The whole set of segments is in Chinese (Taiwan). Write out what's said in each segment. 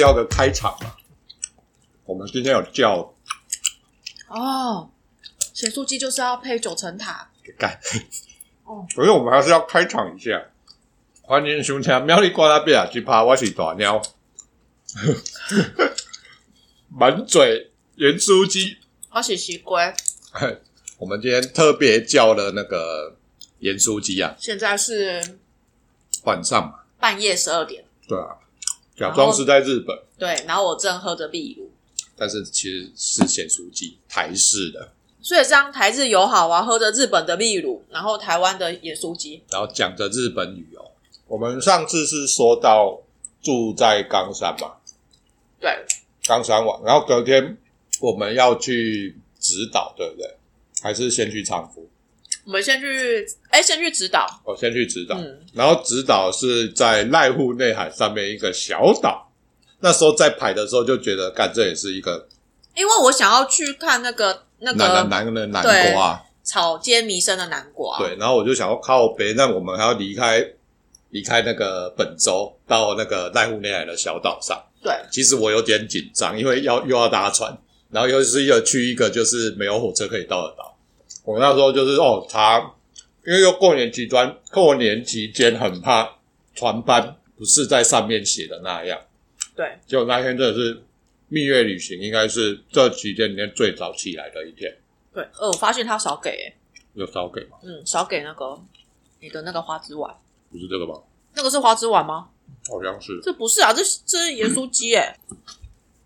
要個開場嘛？我們今天有叫哦，鹽酥雞就是要配九層塔，幹哦，所以我們還是要開場一下。歡迎熊強喵哩呱啦變啊，去怕、啊、我是大喵，滿嘴鹽酥雞，好喜奇怪，我們今天特別叫了那個鹽酥雞啊，現在是晚上嘛，半夜十二點，對啊。假裝是在日本對，然後我正喝着啤酒，但是其實是鹹酥雞台式的，所以這樣台日友好啊，喝着日本的啤酒，然後台灣的鹹酥雞，然後講着日本旅遊哦。我們上次是說到住在岡山嘛，對，岡山玩，然後隔天我們要去直島，對不對？還是先去倉敷？我們先去，哎，先去直島。哦，先去直島，嗯，然後直島是在瀨戶內海上面一個小島。那時候在排的時候就覺得，幹這也是一個，因為我想要去看那個那個南南南的南瓜，草間彌生的南瓜。對，然後我就想要靠北，那我們還要離開離開那個本州，到那個瀨戶內海的小島上。對，其實我有點緊張，因為要又要搭船，然後又是要去一個就是沒有火車可以到的島。我那時候就是哦，他因為又過年期間，過年期間很怕船班，不是在上面寫的那樣。對，結果那天真的是蜜月旅行，應該是這幾天裡面最早起來的一天。對，呃、哦，我發現他少給，有少給嗎？嗯，少給那個你的那個花枝丸，不是這個吧？那個是花枝丸嗎？好像是。這不是啊，這這是鹽酥雞誒、欸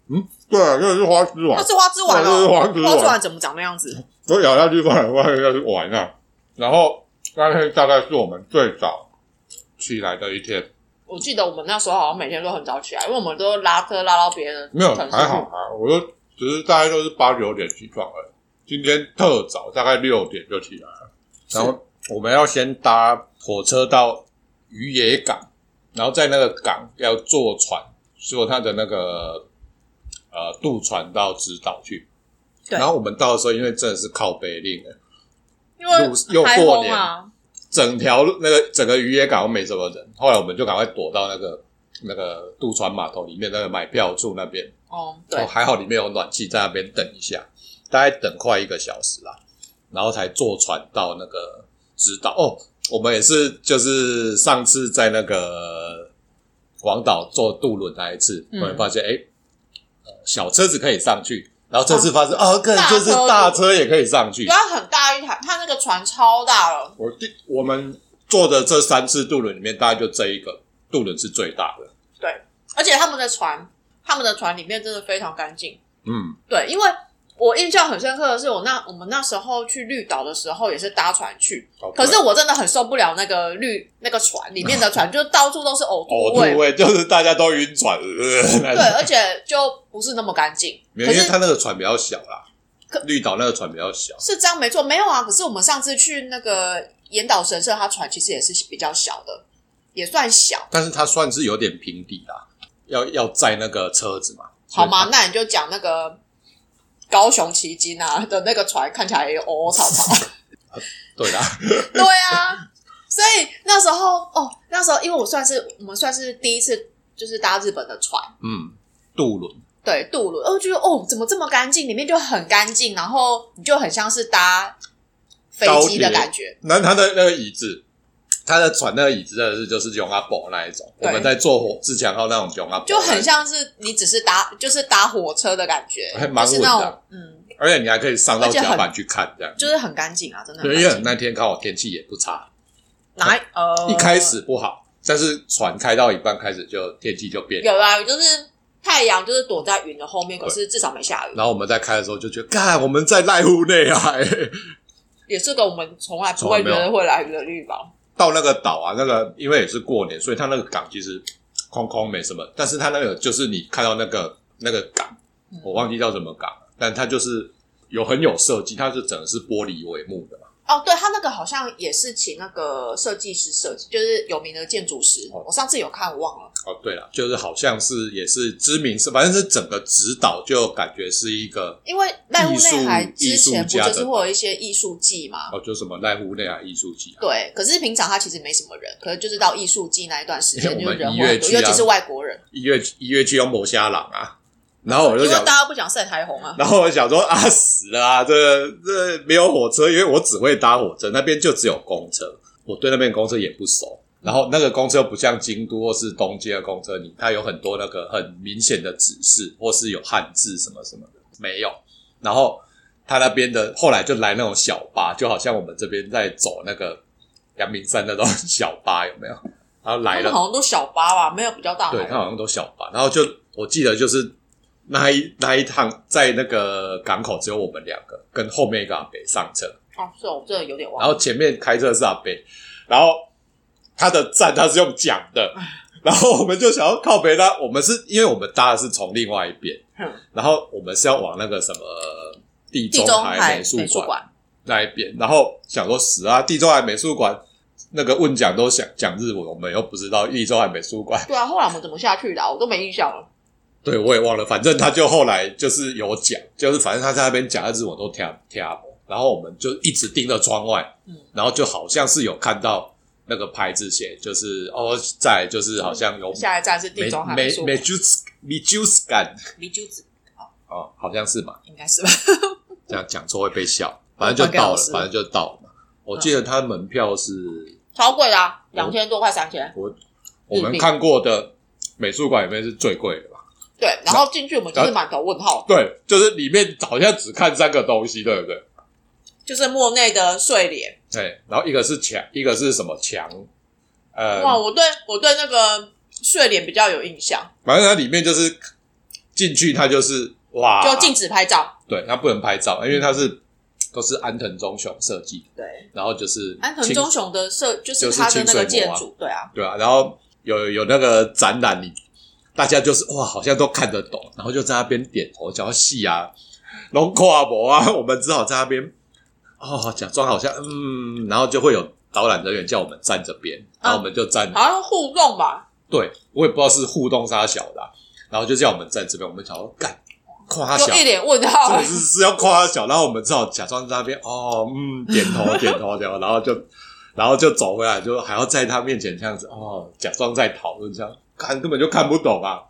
嗯。嗯，對，那個、是花枝丸。那是花枝丸。那、哦、是花枝丸。花枝丸怎麼長那樣子？我咬下去過後，發現要去玩子。然後大概大概是我們最早起來的一天。我記得我們那時候好像每天都很早起來，因為我們都拉車拉到別人。沒有，還好啊，我就只是大概都是八九點起床而已。今天特早，大概六點就起來了。然後我們要先搭火車到漁野港，然後在那個港要坐船，坐他的那個呃渡船，到直島去。對，然後我們到的時候，因為真的是靠北冷，因為又過年，啊、整條那個整個漁業港沒什麼人。後來我們就趕快躲到那個那個渡船碼頭裡面那個買票處那邊哦，對，還好裡面有暖氣，在那邊等一下，大概等快一個小時啦，然後才坐船到那個直島哦。我們也是就是上次在那個廣島坐渡輪那一次，我、嗯、們發現哎，小車子可以上去。然後這次發生啊，可能就是大車也可以上去。對，很大一台，它那個船超大了。我第我們坐的這三次渡輪裡面，大概就這一個渡輪是最大的。對，而且他們的船，他們的船裡面真的非常乾淨。嗯，對，因為我印象很深刻的是，我那我們那時候去綠島的時候也是搭船去，okay，可是我真的很受不了那個綠那個船裡面的船，就到處都是嘔吐味，嘔吐味，就是大家都暈船。 對，而且就。不是那麼乾淨，因為他那個船比較小啦。綠島那個船比較小，是這樣沒錯。沒有啊，可是我們上次去那個嚴島神社，他船其實也是比較小的，也算小。但是它算是有點平底啦，要要載那個車子嘛，好嗎？那你就講那個高雄旗津啊的那個船，看起來窩窩草草 。 對的啦笑，對啊。所以那時候哦，那時候因為我算是我們算是第一次就是搭日本的船，嗯，渡輪。對，渡輪哦，就覺得哦，怎麼這麼乾淨？裡面就很乾淨，然後你就很像是搭飛機的感覺。那他的那個椅子，他的船那個椅子真的是就是熊阿伯那一種。我們在坐火自強號那種熊阿伯，就很像是你只是搭就是搭火車的感覺，還蠻穩的。嗯，而且你還可以上到甲板去看，這樣就是很乾淨啊，真的很。因為很那天剛好天氣也不差，哪呃，一開始不好，但是船開到一半開始就天氣就變了有啊，就是。太陽就是躲在雲的後面，可是至少沒下雨。然後我們在開的時候就覺得，看，我們在瀨戶內海啊。欸、也是個我們從來不會來覺得會來的綠島。到那個島啊，那個因為也是過年，所以他那個港其實空空沒什麼。但是他那個就是你看到那個那個港、嗯，我忘記叫什麼港，但它就是有很有設計，它是整個是玻璃帷幕的嘛。哦，對，他那個好像也是請那個設計師設計，就是有名的建築師。我上次有看，我忘了。哦，對了，就是好像是也是知名是，反正是整個指導就感覺是一個，因為瀨戶內海之前不就是會有一些藝術季嘛？哦，就什麼瀨戶內海藝術季、啊。對，可是平常他其實沒什麼人，可能就是到藝術季那一段時間就人越多、啊，尤其是外國人。一月一月劇有某瞎狼啊，然後我就因為大家不想曬太紅啊，然後我就想說啊，死了啊，這個、這個這個、沒有火車，因為我只會搭火車，那邊就只有公車，我對那邊公車也不熟。然後那個公車又不像京都或是東京的公車裡，它有很多那個很明顯的指示或是有漢字什麼什麼的，沒有。然後它那邊的後來就來那種小巴，就好像我們這邊在走那個陽明山那種小巴有沒有？然後來了它好像都小巴吧，沒有比較大。對，它好像都小巴。然後就我記得就是那一那一趟在那個港口只有我們兩個跟後面一個阿伯上車。哦、啊，是哦，這有點忘。然後前面開車是阿伯，然後。他的站他是用講的，然後我們就想要靠北啦，我們是因為我們搭的是從另外一邊，嗯、然後我們是要往那個什麼地中海美術館，那一，美術館那一邊，然後想說死啊，地中海美術館那個問講都想講日文，我們又不知道地中海美術館。對啊，後來我們怎麼下去的，啊，我都沒印象了。 對，我也忘了。反正他就後來就是有講，就是反正他在那邊講，的日文都聽不聽不然後我們就一直盯着窗外，嗯、然後就好像是有看到。那個牌子寫就是哦，再來，就是好像有，下一站是地中海美術美、美、美、美術館，哦，好像是吧？應該是吧？這樣講錯會被笑，反正就到了，哦，反正就到了，就到了，就到了、嗯、我記得他門票是超貴的、啊、兩千多塊三千，我我，我們看過的美術館裡面是最貴的吧。對，然後進去我們就是滿頭問號。對，就是裡面好像只看三個東西，對不對？就是莫內的睡蓮，對，然後一個是牆，一個是什麼牆？呃，哇，我對我對那個睡蓮比較有印象。反正它裡面就是進去，它就是哇，就禁止拍照，對，它不能拍照，因為它是都是安藤忠雄設計，對。然後就是安藤忠雄的設，就是他的那個建築、就是清水模啊，對啊，對啊。然後有有那個展覽，你大家就是哇，好像都看得懂，然後就在那邊點頭，叫戲啊，龍跨博啊， 我們只好在那邊。哦、oh，假裝好像嗯，然後就會有導覽人員叫我們站這邊，啊，然後我們就站。好、啊、像互動吧。對，我也不知道是互動殺小的，啊，然後就叫我們站這邊。我們想要幹誇他小，一臉問號，欸，這是是要誇他小。然後我們只好假裝在那邊哦嗯點頭點頭 然後就然後就走回來，就還要在他面前這樣子哦，假裝在討論這樣，看根本就看不懂啊。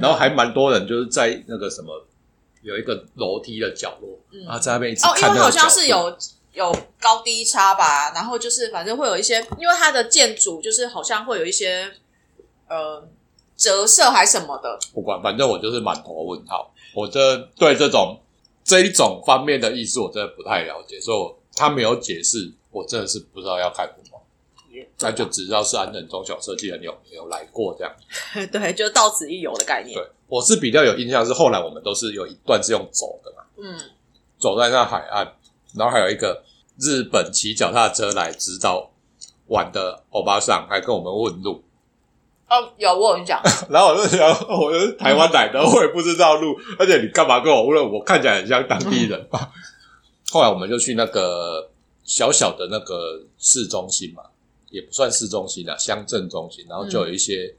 然後還蠻多人就是在那個什麼。有一個，樓梯的角落嗯，啊，在那邊哦，因為好像是有有高低差吧，然後就是反正會有一些，因為它的建築就是好像會有一些呃折射還是什麼的。不管，反正我就是滿頭問號。我這對這種這一種方面的意思，我真的不太了解，所以我他沒有解釋，我真的是不知道要看什麼。那就只知道是安藤忠雄設計，你有沒有，有來過這樣子。 對，就到此一遊的概念。對。我是比較有印象，是後來我們都是有一段是用走的嘛，嗯，走在那海岸，然後還有一個日本騎腳踏車來直到玩的歐巴桑，還跟我們問路。哦，有，我跟你講。 然後我就想，我就是台灣來的，嗯，我也不知道路，而且你幹嘛跟我問？我看起來很像當地人，嗯、 後來我們就去那個小小的那個市中心嘛，也不算市中心啦，鄉鎮中心，然後就有一些，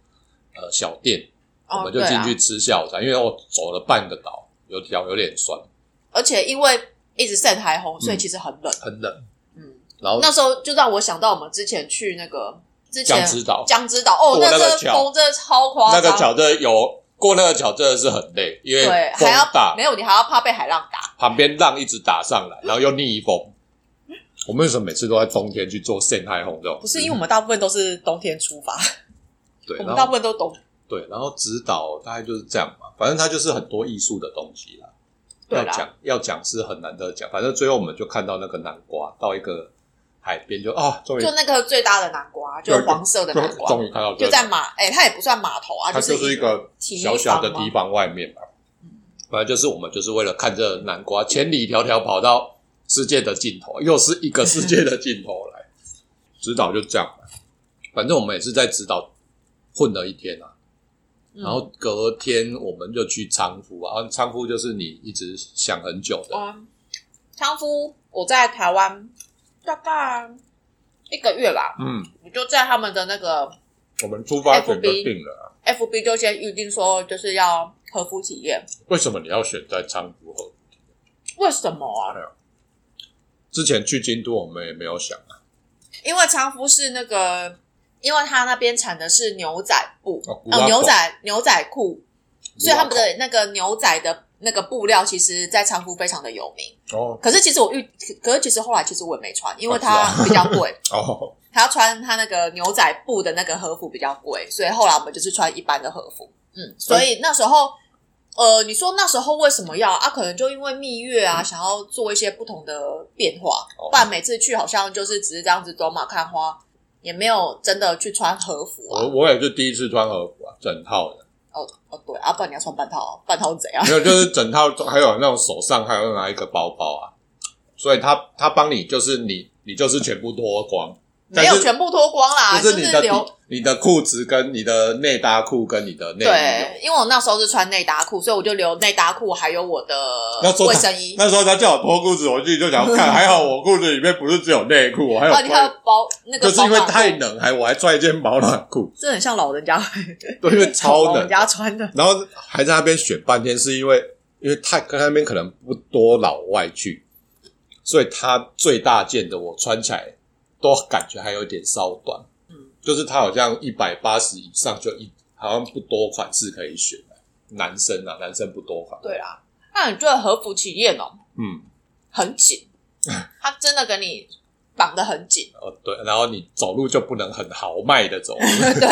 嗯、呃小店。我們就進去吃下午茶、啊啊，因為我走了半個島，有腳有點酸。而且因為一直曬海風，所以其實很冷，很冷。嗯，然後那時候就讓我想到我們之前去那個江之島，江之島哦，哦，那個風真的超誇張，那個橋真的有過那個橋真的是很累，因為對、風大、還要打，沒有你還要怕被海浪打，旁邊浪一直打上來，然後又逆一風、嗯。我們為什麼每次都在冬天去做曬海風？這種不是、嗯、因為我們大部分都是冬天出發，對，我們大部分都冬。對，然後直島大概就是這樣嘛，反正它就是很多藝術的東西啦。對，要講要講是很難得講，反正最後我們就看到那個南瓜到一個海邊就，就、哦、啊，終於，就那個最大的南瓜，就黃色的南瓜，終於看到，就在馬哎、欸，它也不算碼頭啊，它就是一個小小的地方外面嘛。嗯。反正就是我們就是為了看這南瓜，千里迢迢跑，跑到世界的盡頭，又是一個世界的盡頭來直 島，就這樣。反正我們也是在直島混了一天啊。然後隔天我們就去倉敷啊，倉敷就是你一直想很久的。嗯、倉敷我在台灣大概一個月啦。嗯，我就在他們的那個。我們出發前都定了。F B 就先預定說就是要和服體驗。為什麼你要選在倉敷和服體驗？為什麼啊？之前去京都我們也沒有想啊。因為倉敷是那個。因為他那邊產的是牛仔布，哦、啊嗯，牛仔牛仔褲，所以他們的那個牛仔的那個布料，其實在倉敷非常的有名。哦，可是其實我遇，可是其實後來其實我也沒穿，因為它比較貴、啊啊 哦。他要穿他那個牛仔布的那個和服比較貴，所以後來我們就是穿一般的和服。嗯，所以那時候，嗯、呃，你說那時候為什麼要啊？可能就因為蜜月啊，嗯、想要做一些不同的變化、哦，不然每次去好像就是只是這樣子走馬看花。也沒有真的去穿和服，啊，我我也是第一次穿和服啊，整套的。哦、oh, 哦、oh, 對，啊不然你要穿半套，啊，半套怎樣？沒有，就是整套，還有那種手上還有另外一個包包啊，所以他他幫你就是你你就是全部脫光，沒有全部脫光啦，就是你的。就是你的褲子跟你的內搭褲跟你的內對，因為我那時候是穿內搭褲，所以我就留內搭褲還有我的衛生衣。那時候他，那時候他叫我脫褲子，我自己就想看， 還好我褲子裡面不是只有內褲，我還有、啊、你看包那個，就是因為太冷，還我還穿一件保暖褲，這很像老人家，對， 因為超冷， 老人家穿的。然後還在那邊選半天，是因為因為太跟那邊可能不多老外去，所以他最大件的我穿起來都感覺還有一點稍短。就是他好像一百八十以上就一，好像不多款式可以選，男生啊，男生不多款。對啦、啊，那你覺得和服體驗哦？嗯，很緊，他真的給你綁得很緊。哦對，然後你走路就不能很豪邁的走路， 對。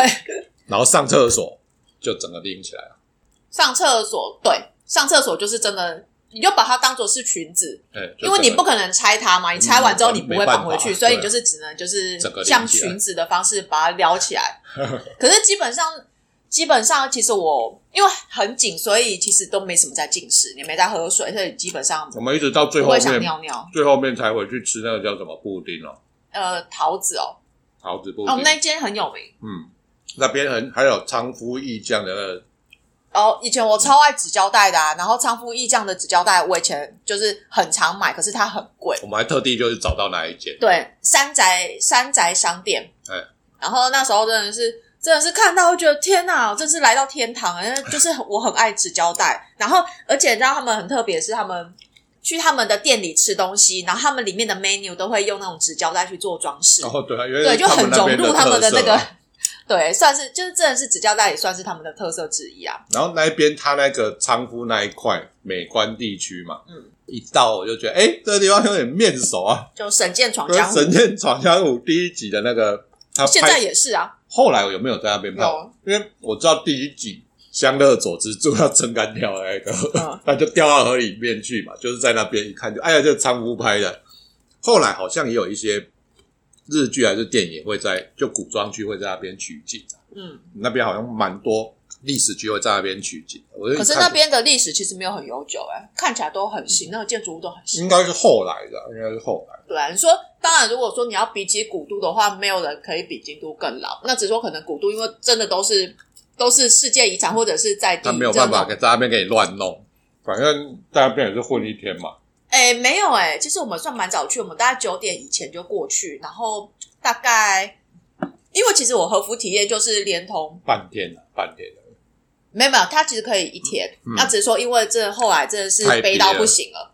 然後上廁所就整個拎起來了。上廁所對，上廁所就是真的。你就把它當做是裙子，欸，因為你不可能拆它嘛。你拆完之後，你不會放回去，所以你就是只能就是像裙子的方式把它撩起來。可是基本上，基本上其實我因為很緊，所以其實都沒什麼在進食，也沒在喝水，所以基本上會尿尿，我們一直到最後面想尿尿，最後面才回去吃那個叫什麼布丁哦，呃，桃子哦，桃子布丁。我、哦、們那間很有名，嗯，那邊很還有倉敷意匠的那個。哦、oh，以前我超愛紙膠帶的啊，嗯、然後倉敷意匠的紙膠帶，我以前就是很常買，可是它很貴。我們還特地就是找到哪一間？對，三宅三宅商店。對、哎。然後那時候真的是真的是看到我覺得天吶、啊，這是來到天堂，因為就是我很愛紙膠帶。 然後而且你知道他們很特別，是他們去他們的店裡吃東西，然後他們裡面的 menu 都會用那種紙膠帶去做裝飾。哦，對、啊，對、啊，就很融入他們的那個。對，算是就是真的是指教大，也算是他們的特色之一啊。然後那邊他那個倉敷那一塊美觀地區嘛，嗯，一到我就覺得，哎，這個地方有點面熟啊，就《神劍闖江湖》。《神劍闖江湖》第一集的那個他拍，現在也是啊。後來我有沒有在那邊拍、嗯？因為我知道第一集相樂左之助要撐杆跳的那個，嗯、 他就掉到河裡面去嘛，就是在那邊一看就，哎呀，這個、倉敷拍的。後來好像也有一些。日劇還是電影會在就古裝劇會在那邊取景，啊、嗯，那邊好像蠻多歷史劇會在那邊取景，啊。可是那邊的歷史其實沒有很悠久哎，欸，看起來都很新，嗯，那個建築物都很新。應該是後來的，應該是後來的。對啊，你說當然，如果說你要比起古都的話，沒有人可以比京都更老。那只說可能古都，因為真的都是都是世界遺產，或者是在那沒有辦法在那邊給你亂弄，嗯，反正在那邊也是混一天嘛。哎，沒有哎、欸，其實我們算蠻早去，我們大概九點以前就過去，然後大概因為其實我和服體驗就是連同半天了，半天了，沒有沒有，它其實可以一天，它、嗯嗯啊、只是說因為這後來真的是背到不行了，了，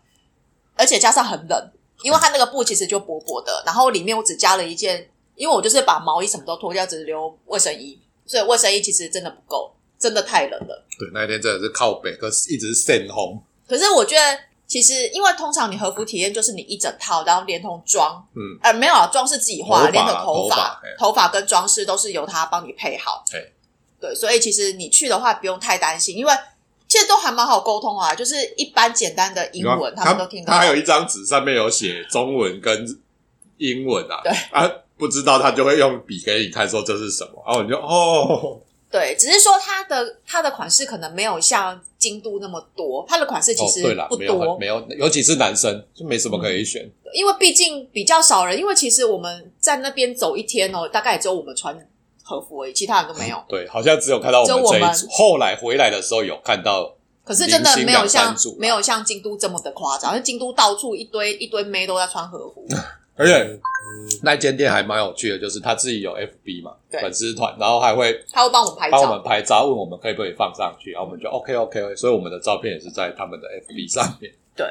而且加上很冷，因為它那個布其實就薄薄的、嗯，然後裡面我只加了一件，因為我就是把毛衣什麼都脫掉，只是留衛生衣，所以衛生衣其實真的不夠，真的太冷了。對，那一天真的是靠北，可是一直是曬紅。可是我覺得。其實，因為通常你和服體驗就是你一整套，然後連同妝，嗯，呃，沒有啊，妝是自己化，啊，連同頭髮，頭髮、欸、跟裝飾都是由他幫你配好，欸，對，所以其實你去的話不用太擔心，因為其實都還蠻好溝通啊，就是一般簡單的英文他們都聽到。他，他，他有一張紙上面有寫中文跟英文啊，對啊，不知道他就會用筆給你看說這是什麼，然、哦、後你就哦。對，只是說它的它的款式可能沒有像京都那麼多，它的款式其實對，不多、哦對啦，沒有，沒有，尤其是男生就沒什麼可以選、嗯，因為畢竟比較少人。因為其實我們在那邊走一天哦，大概也只有我們穿和服而已，其他人都沒有。對，好像只有看到我們，這一組就我們。後來回來的時候有看到，可是真的沒有像沒有像京都這麼的誇張，因為京都到處一堆一堆妹都在穿和服。 而且那間店還蠻有趣的，就是他自己有 FB 嘛，粉絲團，然後還會他會幫我們拍照，幫我們拍照，問我們可以不可以放上去，然後我們就 OK OK，所以我們的照片也是在他們的 FB 上面。對，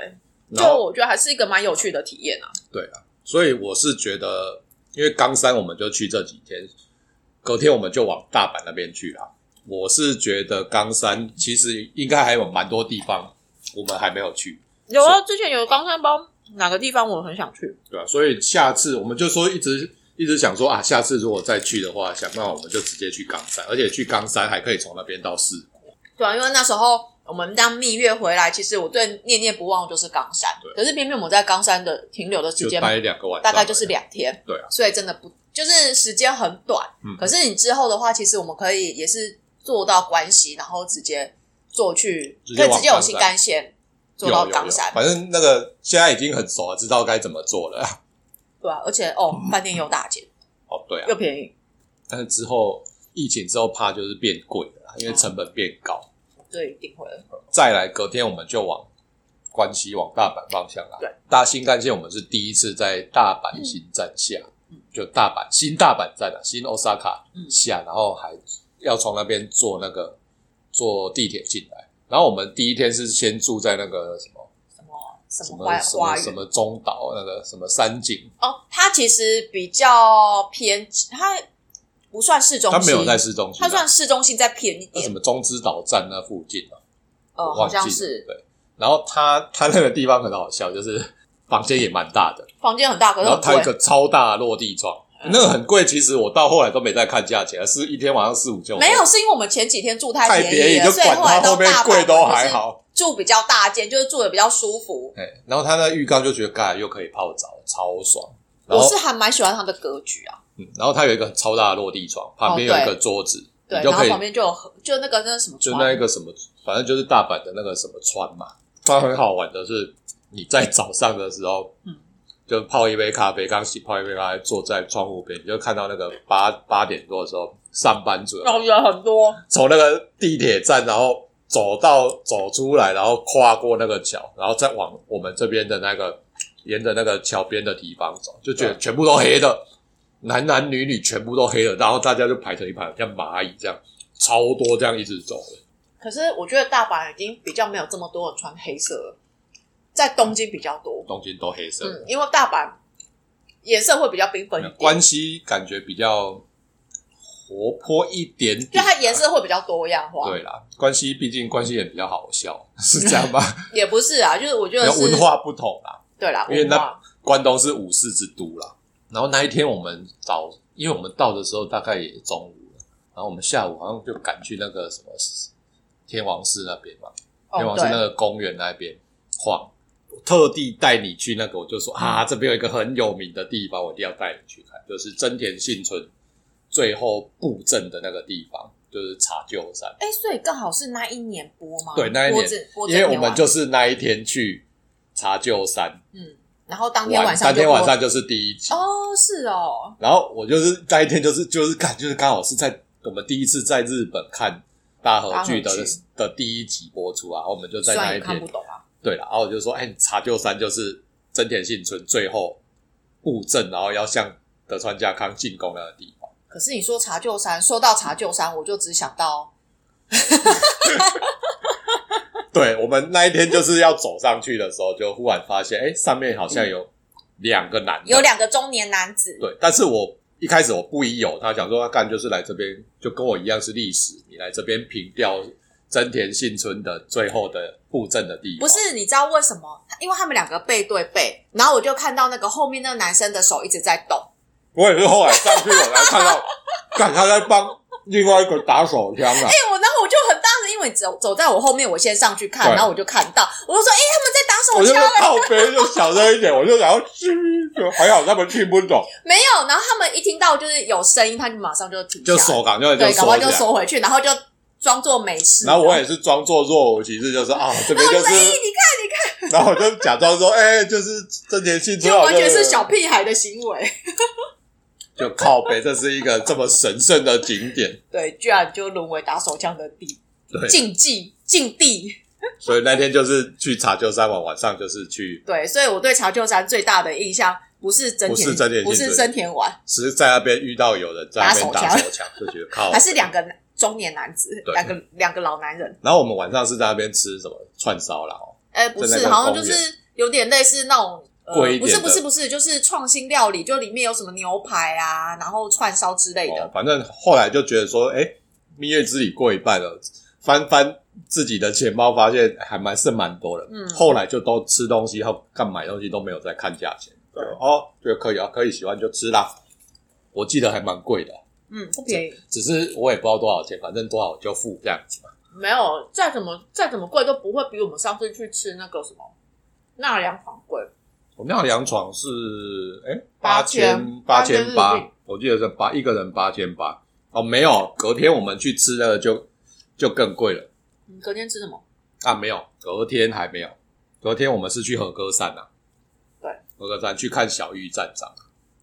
然後就我覺得還是一個蠻有趣的體驗啊。對啊，所以我是覺得，因為岡山我們就去這幾天，隔天我們就往大阪那邊去啦。我是覺得岡山其實應該還有蠻多地方我們還沒有去。有啊，之前有岡山幫。哪個地方我很想去？對啊，所以下次我們就說一直一直想說啊，下次如果再去的話，想辦法我們就直接去岡山，而且去岡山還可以從那邊到四國。對啊，因為那時候我們當蜜月回來，其實我對念念不忘就是岡山。對啊，可是偏偏我們在岡山的停留的時間大概大概就是兩天。對啊，所以真的不就是時間很短。嗯、啊。可是你之後的話，其實我們可以也是坐到關西，然後直接坐去，可以直接有新幹線。做到岡山，反正那個現在已經很熟了，知道該怎麼做了。對啊，而且哦，飯、嗯、店又大間。哦對啊，又便宜。但是之後疫情之後，怕就是變貴了，因為成本變高，啊、對，頂回來了。再來隔天，我們就往關西往大阪方向了。大新幹線我們是第一次在大阪新站下，嗯、就大阪新大阪站啊，新歐薩卡下、嗯，然後還要從那邊坐那個坐地鐵進來。然後我們第一天是先住在那個什麼什麼什麼，什麼，什，麼什麼中島那個什麼山景哦，它其實比較偏，它不算市中心，它沒有在市中心，啊，它算市中心再偏一點。什麼中之島站那附近哦、啊嗯呃，好像是對。然後它它那個地方很好笑，就是房間也蠻大的，房間很大，可是它有個超大落地窗。那個很貴，其實我到後來都沒再看價錢，是一天晚上四五千。沒有，是因為我們前幾天住太便宜，就管它。所以後來都大貴都還好，住比較大間，就是住的比較舒服。然後他那浴缸就覺得蓋又可以泡澡，超爽。我是還蠻喜歡他的格局啊。嗯，然後他有一個超大的落地窗，旁邊有一個桌子，哦、對，對，然後旁邊就有就那個那什麼，就那一個什麼，反正就是大阪的那個什麼川嘛。它很好玩的是，你在早上的時候，嗯。就泡一杯咖啡，剛洗泡一杯咖啡，坐在窗戶邊，就看到那個八八點多的時候，上班族人很多，從那個地鐵站，然後走到走出來，然後跨過那個橋，然後再往我們這邊的那個沿着那個橋邊的地方走，就覺得全部都黑的，男男女女全部都黑的，然後大家就排成一排，像螞蟻這樣，超多這樣一直走的。可是我覺得大阪已經比較沒有這麼多人穿黑色了。在東京比較多，東京都黑色、嗯，因為大阪顏色會比較繽紛一點、嗯、關西感覺比較活潑一點點、啊，就它顏色會比較多樣化。對啦，關西畢竟關西也比較好笑，是這樣嗎？嗯、也不是啊，就是我覺得是文化不同啦。對啦，因為那關東是武士之都啦。然後那一天我們早，因為我們到的時候大概也中午了，然後我們下午好像就趕去那個什麼天王寺那邊嘛，哦、天王寺那個公園那邊晃。我特地帶你去那個，我就說啊，這邊有一個很有名的地方，我一定要帶你去看，就是真田幸村最後佈陣的那個地方，就是茶臼山。哎、欸，所以剛好是那一年播嗎？對，那一年，播因為我們就是那一天去茶臼山，嗯，然後當天晚上晚，當天晚上就是第一集哦，是哦，然後我就是那一天，就是就是看，就是剛好是在我們第一次在日本看大河劇的的第一集播出啊，我們就在那一天。對了，然後我就說，哎、欸，茶臼山就是真田幸村最後布陣，然後要向德川家康進攻那個地方。可是你說茶臼山，說到茶臼山，我就只想到，哈哈哈！哈，對，我們那一天就是要走上去的時候，就忽然發現，哎、欸，上面好像有兩個男、嗯，有兩個中年男子。對，但是我一開始我不疑有他，想說他幹就是來這邊，就跟我一樣是歷史，你來這邊憑弔。嗯真田幸村的最後的布陣的地方，不是你知道為什麼？因為他們兩個背對背，然後我就看到那個後面那個男生的手一直在動。我也是後來上去我才看到，幹 他在幫另外一個打手槍啊。哎、欸，我然後我就很大聲，因為你走走在我後面，我先上去看，然後我就看到，我就說，哎、欸，他們在打手槍、欸。靠別人就小聲一點，我就然後還好他們聽不懂。沒有，然後他們一聽到就是有聲音，他就馬上就停下，就手感就對，趕快就縮回去，然後就。裝作沒事，然後我也是裝作若無其事，就是啊，這邊就是你看你看，然後我就假裝說，哎、 欸，就是真田信就完全是小屁孩的行為， 就靠北，這是一個這麼神聖的景點，對，居然就淪為打手槍的地，對，禁忌禁地，所以那天就是去茶臼山玩，晚上就是去，對，所以我對茶臼山最大的印象不是真田，不是真田，不是真田丸，只是在那邊遇到有人在那邊打手槍，就覺得靠北，還是兩個，中年男子，兩個兩個老男人。然後我們晚上是在那邊吃什麼串燒啦。哦？哎，不是，好像就是有點類似那種，呃、貴的不是不是不是，就是創新料理，就裡面有什麼牛排啊，然後串燒之類的。哦。反正後來就覺得說，哎，欸，蜜月之旅過一半了，翻翻自己的錢包，發現還蠻剩蠻多的。嗯。後來就都吃東西，後看買東西都沒有再看價錢。對哦，對，可以啊，可以喜歡就吃啦。我記得還蠻貴的。嗯，不便宜。只是我也不知道多少錢，反正多少就付這樣子吧，沒有，再怎麼再怎麼貴都不會比我們上次去吃那個什麼納涼床貴。我們納涼床是哎、欸、八,八千八,八千八，我記得是八一個人八千八。哦，沒有，隔天我們去吃的就就更貴了、嗯。隔天吃什麼？啊，沒有，隔天還沒有。隔天我們是去和歌山啊，對。和歌山去看小玉站長。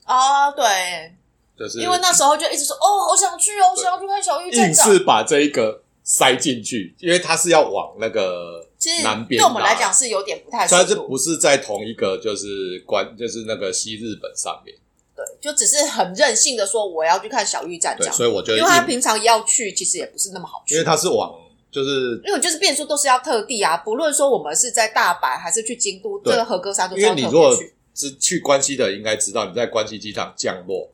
哦，對。就是、因為那時候就一直說哦，好想去哦，我想要去看小玉站長，硬是把這一個塞進去，因為他是要往那個南邊、啊。對我們來講是有點不太，雖然這不是在同一個，就是關，就是那個西日本上面。對，就只是很任性的說我要去看小玉站長，所以我覺得，因為他平常要去，其實也不是那麼好去，因為他是往就是，因為就是變數都是要特地啊，不論說我們是在大阪還是去京都，對這個、和歌山都是。因為你如果是去關西的，應該知道你在關西機場降落。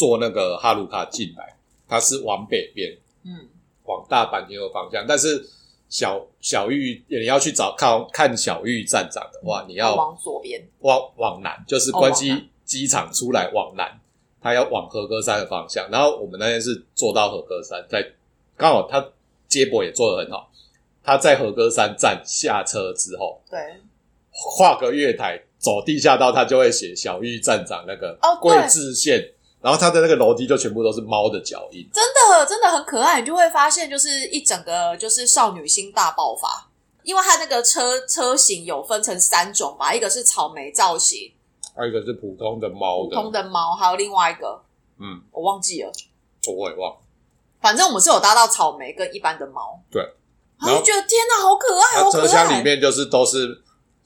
坐那個哈魯卡進來，它是往北邊，嗯，往大阪那個方向。但是小小玉，你要去找看看小玉站長的話，你要、哦、往左邊，往往南，就是關西機場出來往南，他、哦、要往和歌山的方向。然後我們那天是坐到和歌山，在剛好他接駁也坐得很好，他在和歌山站下車之後，對，畫個月台走地下道，他就會寫小玉站長那個哦，貴志線。然後它的那個樓梯就全部都是貓的腳印，真的真的很可愛。你就會發現，就是一整個就是少女心大爆發。因為它那個車車型有分成三種吧，一個是草莓造型，還有一個是普通的貓的，普通的貓，還有另外一個，嗯，我忘記了，我也忘。反正我們是有搭到草莓跟一般的貓。對，然後覺得天哪，好可愛！我車廂裡面就是都是、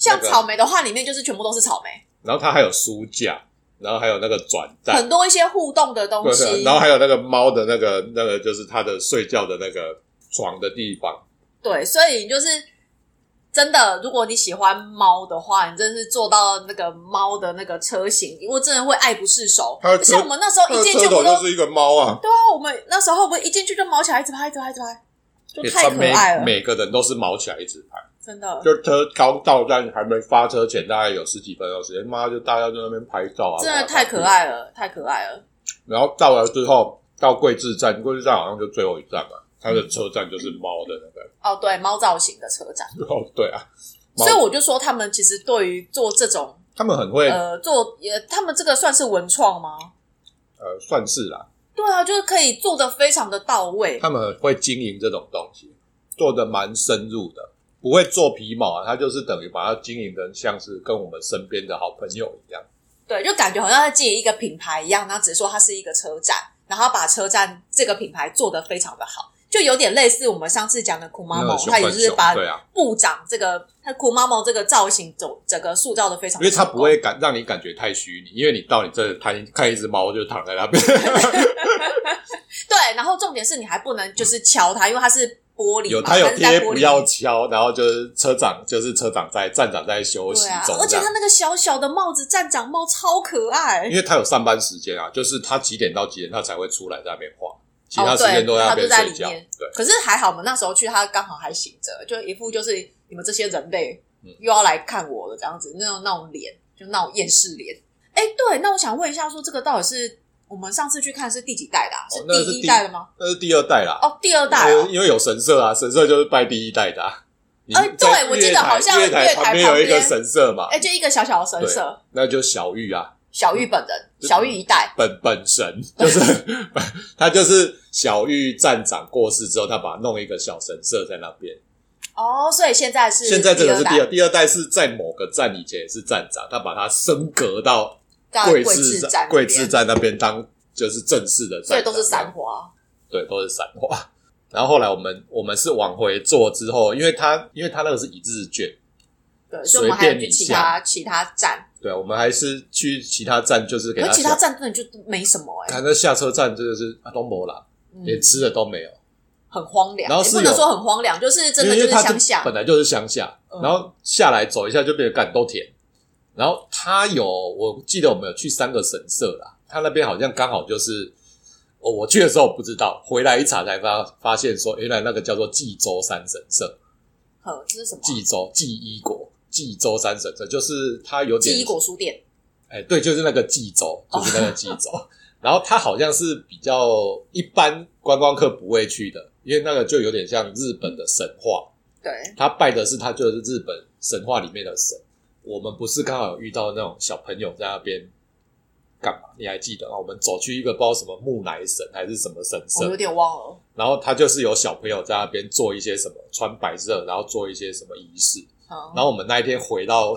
那個、像草莓的話，裡面就是全部都是草莓。然後它還有書架。然後還有那個轉站，很多一些互動的東西。對，然後還有那個貓的那個那個，就是它的睡覺的那個床的地方。對，所以你就是真的，如果你喜歡貓的話，你真的是坐到那個貓的那個車型，因為真的會愛不釋手。像我們那時候一進去，我、這個、就是一個貓啊。對啊，我們那時候我們一進去就毛起來，一直拍，一直拍，一直拍，就太可愛了每。每個人都是毛起來，一直拍。真的，就車剛到站還沒發車前，大概有十幾分鐘時間，媽就大家就在那邊拍照啊，真的太可愛了，太可愛了。嗯、然後到了之後，到貴志站，貴志站好像就最後一站嘛，它、嗯、的車站就是貓的那個，哦，對，貓造型的車站。哦，對啊。所以我就說，他們其實對於做這種，他們很會呃做，也他們這個算是文創嗎？呃，算是啦、啊。對啊，就是可以做得非常的到位。他們會經營這種東西，做得蠻深入的。不會做皮毛啊，他就是等於把它經營的像是跟我們身邊的好朋友一樣。對，就感覺好像在經營一個品牌一樣。他只是說他是一個車站，然後把車站這個品牌做的非常的好，就有點類似我們上次講的酷 MA 萌，他也就是把部長這個酷 MA 萌這個造型整整個塑造的非常的，因為他不會感讓你感覺太虛擬，因為你到你這看看一隻貓就躺在那邊， 對，然後重點是你還不能就是瞧它，嗯，因為它是。玻璃有，他有貼不要敲，然後就是車長，就是車長在站長在休息中、啊。而且他那個小小的帽子，站長帽超可愛。因為他有上班時間啊，就是他幾點到幾點他才會出來在那邊晃，其他時間都在，睡覺、哦、對對他在裡面。對，可是還好我們那時候去，他剛好還醒着，就一副就是你們這些人類又要來看我了這樣子，那種那種臉就那種厭世臉。哎、欸，對，那我想問一下，說這個到底是？我們上次去看是第幾代的？啊？是第一代的嗎？哦那？那是第二代啦。哦，第二代、啊。因為有神社啊，神社就是拜第一代的、啊。哎、欸，對，我記得好像月台旁邊有一個神社嘛。哎、欸，就一個小小的神社。那就小玉啊，小玉本人，小玉一代，本本神就是他，就是小玉站長過世之後，他把它弄一個小神社在那邊。哦，所以現在是現在這個是第二第二代，是在某個站以前也是站長，他把它升格到。貴志站，貴志站那邊當就是正式的站，對，都是三花。對，都是三花。然後後來我們我們是往回坐之後，因為他因為他那個是一日券。對，所以我們還要去其他其他，其他站。對，我們還是去其他站，就是給他。可是其他站根本就沒什麼哎、欸。看那下車站真、就、的是、啊、都沒了、嗯，連吃的都沒有，很荒涼。然後、欸、不能說很荒涼，就是真的就是鄉下，因為因為本來就是鄉下、嗯。然後下來走一下就變得感都甜。然後他有，我記得我們有去三個神社啦。他那邊好像剛好就是，我、哦、我去的時候不知道，回來一查才發發現說，原來那個叫做紀州三神社。好，這是什麼？紀州、紀伊國、紀州三神社，就是他有點紀伊國書店。哎，對，就是那個紀州，就是那個紀州、哦。然後他好像是比較一般觀光客不會去的，因為那個就有點像日本的神話。嗯、對，他拜的是他就是日本神話裡面的神。我們不是剛好有遇到那種小朋友在那邊幹嘛？你還記得啊？我們走去一個包什麼木乃神還是什麼神社，我有點忘了。然後他就是有小朋友在那邊做一些什麼穿白色，然後做一些什麼儀式。然後我們那一天回到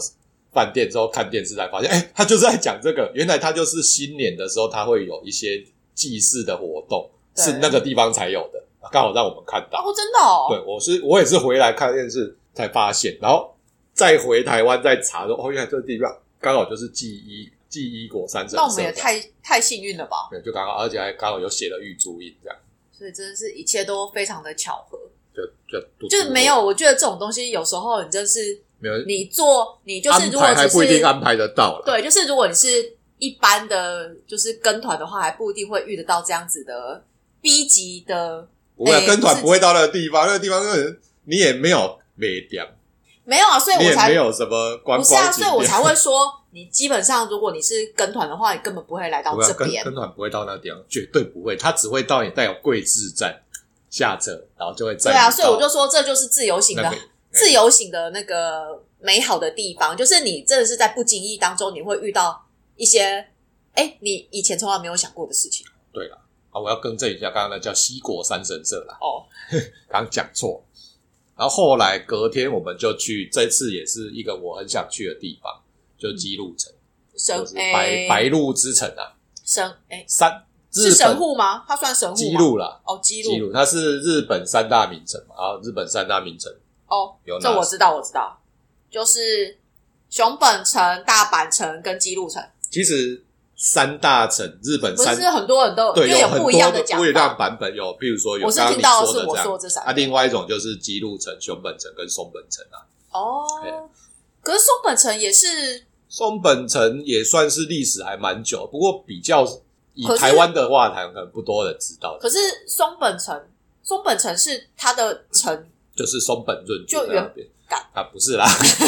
飯店之後看電視才發現，哎、欸，他就是在講這個。原來他就是新年的時候他會有一些祭祀的活動，是那個地方才有的。剛好讓我們看到哦，真的、哦。對，我是我也是回來看電視才發現，然後。再回台灣再查說，哦，原來這個地方剛好就是記一記一國山神，那我們也太太幸運了吧？對、嗯，就剛好，而且還剛好有寫了御朱印，這樣。所以真的是一切都非常的巧合。就就就、就是、沒有，我覺得這種東西有時候你真是沒有。你做你就是如果、就是、還不一定安排得到了，對，就是如果你是一般的，就是跟團的話，還不一定會遇得到這樣子的 B 級的。不會、啊欸、跟團不，不會到那個地方，就是、那個地方因、就、為、是、你也沒有沒點。沒有啊，所以我才，你也沒有什麼觀光。不是啊，所以我才會說，你基本上如果你是跟團的話，你根本不會來到這邊、啊。跟團不會到那地方，絕對不會。他只會到你帶有桂志站下車，然後就會、那個。對啊，所以我就說，這就是自由行的、那個、自由行的那個美好的地方，就是你真的是在不經意當中，你會遇到一些哎、欸，你以前從來沒有想過的事情。對了啊，我要更正一下，剛剛那叫西國三神社啦。哦，剛講錯。剛剛然後後來隔天我們就去，這次也是一個我很想去的地方，就姬路城，神，誒，就是白白鷺之城啊，神誒，三，是神戶嗎？它算神戶嗎？基姬路啦，哦，姬路，姬路，它是日本三大名城嘛，啊，日本三大名城，哦，有那，這我知道，我知道，就是熊本城、大阪城跟姬路城，其實。三大城，日本三不是很多人都對，有不一樣的講，不一樣版本有，譬如說有我是剛，剛你說的這樣的這三個啊，另外一種就是姬路城、熊本城跟松本城啊。哦，可是松本城也是松本城也算是歷史還蠻久，不過比較以台灣的話，台灣可能不多人知道的。可是松本城，松本城是它的城，就是松本潤就有啊，不是啦，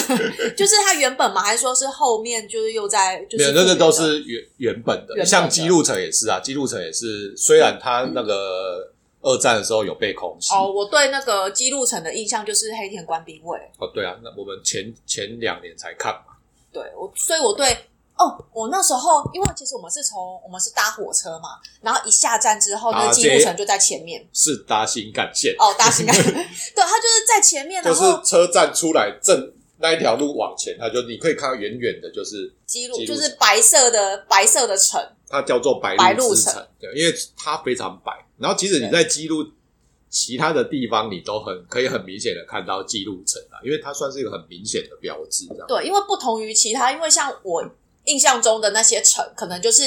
就是他原本嘛，還是說是後面就是又在就是，沒有那個都是原本原本的，像姬路城也是啊，姬路城也是，雖然他那個二戰的時候有被空襲、嗯、哦，我對那個姬路城的印象就是黑田官兵衛哦，對啊，那我們前前兩年才看嘛，對我，所以我對。哦，我那時候，因為其實我們是從我們是搭火車嘛，然後一下站之後，啊、那個姬路城就在前面。是搭新幹線。哦，搭新幹線， 對，它就是在前面，然、就、後、是、車站出來正那一條路往前，它就你可以看到遠遠的，就是姬路，就是白色的白色的城，它叫做白鷺城，對，因為它非常白。然後其實你在姬路其他的地方，你都很可以很明顯的看到姬路城啊，因為它算是一個很明顯的標誌，這樣。對，因為不同於其他，因為像我。印象中的那些城，可能就是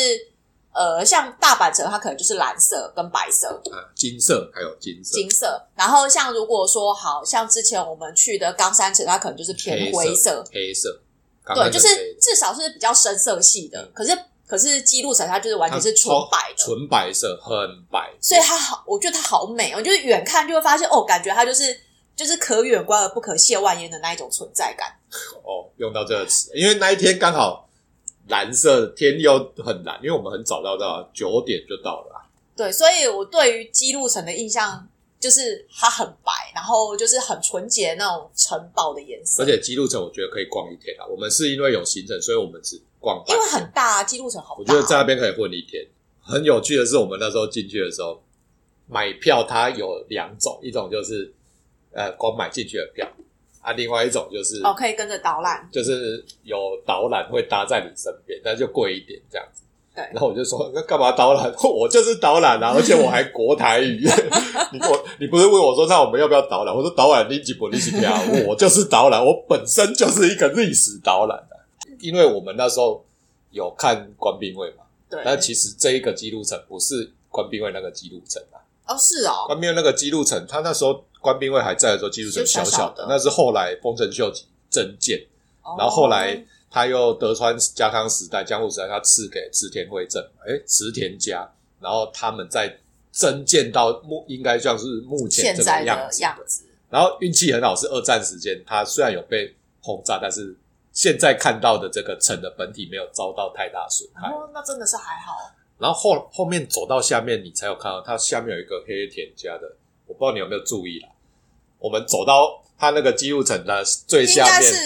呃，像大阪城，它可能就是藍色跟白色、金色還有金色，金色。然後像如果說，好像之前我們去的岡山城，它可能就是偏灰色、黑色，黑、色黑色，對，就是至少是比較深色系的。嗯、可是可是姬路城，它就是完全是純白的，純白色，很白。所以它好，我覺得它好美哦，我就是遠看就會發現哦，感覺它就是就是可遠觀而不可褻玩焉的那一種存在感。哦，用到這個詞，因為那一天剛好藍色天又很藍，因為我們很早到的，九點就到了、啊。對，所以我對於姬路城的印象就是它很白，然後就是很純潔的那種城堡的顏色。而且姬路城我覺得可以逛一天啦、啊。我們是因為有行程，所以我們只逛。因為很大，姬路城好、哦。我覺得在那邊可以混一天。很有趣的是，我們那時候進去的時候買票，它有兩種，一種就是呃，光買進去的票。啊，另外一種就是哦，可以跟着導覽，就是有導覽會搭在你身邊，那就貴一點這樣子。對，然後我就說，那幹嘛導覽？我就是導覽啊， 而且我還國台語。 你我，你不是問我說，那我們要不要導覽？我說導覽你幾部歷史片，我就是導覽，我本身就是一個歷史導覽的、啊，因為我們那時候有看官兵衛嘛。對，但其實這一個紀錄城不是官兵衛那個紀錄城啊。哦，是哦，官兵衛那個紀錄城，他那時候。官兵衛還在的時候技小小的，技術是小小的。那是後來豐臣秀吉增建、哦，然後後來他又德川家康時代、江戶時代他，他賜給池田輝政，哎，池田家，然後他們在增建到目應該像是目前這個樣子,樣子。然後運氣很好，是二戰時間，他雖然有被轟炸、嗯，但是現在看到的這個城的本體沒有遭到太大損害，哦，那真的是還好。然後後後面走到下面，你才有看到它下面有一個黑田家的，我不知道你有沒有注意啦。我們走到他那個姬路城的最下面是，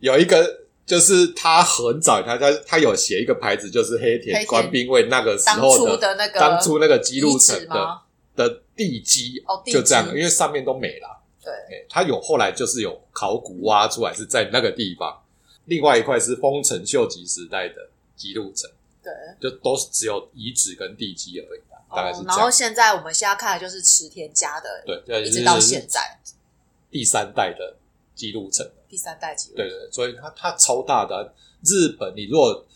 有一個就是他很早，他在他有寫一個牌子，就是黑田官兵衛那個時候的，當初，的那個當初那個當初那個姬路城的的地基、哦、地基，就這樣，因為上面都沒了。對、欸，他有後來就是有考古挖出來是在那個地方，另外一塊是豐臣秀吉時代的姬路城，對，就都是只有遺址跟地基而已的，大概是這樣、哦。然後現在我們現在看的就是池田家的，對，對一直到現在。是是是是是。第三代的記錄城，第三代記錄城對，對對，所以它它超大的日本，你如果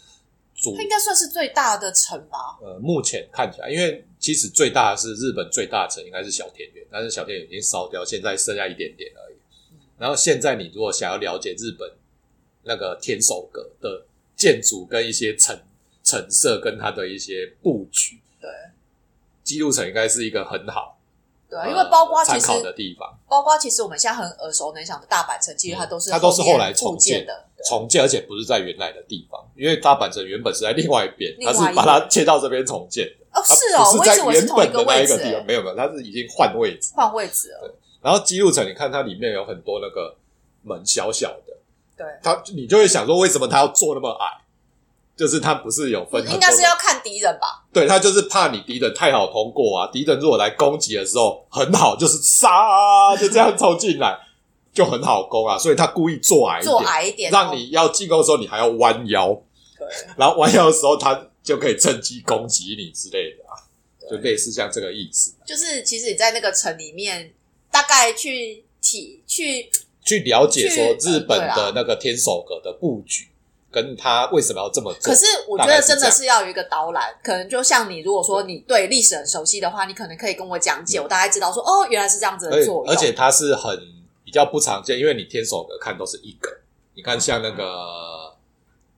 主，它應該算是最大的城吧？呃，目前看起來，因為其實最大的是日本最大的城應該是小田園，但是小田園已經燒掉，現在剩下一點點而已，嗯。然後現在你如果想要了解日本那個天守閣的建築跟一些城城色跟它的一些布局，對，記錄城應該是一個很好。對、啊，因為包括其實、嗯、的地方包括其實我們現在很耳熟能詳的大阪城，其實它都是它都是後來重建的，重建，而且不是在原來的地方，因為大阪城原本是在另外一邊，一邊它是把它切到這邊重建的。哦，是哦，我原本的那一個地方。沒、哦、有、哦、沒有，它是已經換位置，換位置了。對，然後姬路城，你看它裡面有很多那個門小小的，對，它你就會想說，為什麼它要做那麼矮？就是他不是有分，應該是要看敵人吧。對，他就是怕你敵人太好通過啊，敵人如果來攻擊的時候很好，就是殺、啊，就這樣衝進來 就很好攻啊，所以他故意做矮一點，做矮一點，讓你要進攻的時候你還要彎腰，對、哦，然後彎腰的時候他就可以趁機攻擊你之類的啊，就類似像這個意思、啊。就是其實你在那個城裡面大概去體去去了解說日本的那個天守閣的布局。嗯跟他為什麼要這麼做？可是我覺得真的是要有一個導覽，可能就像你，如果說你對歷史很熟悉的話，嗯、你可能可以跟我講解，嗯、我大概知道說哦，原來是這樣子的作用。而且它是很比較不常見，因為你天守閣看都是一個，你看像那個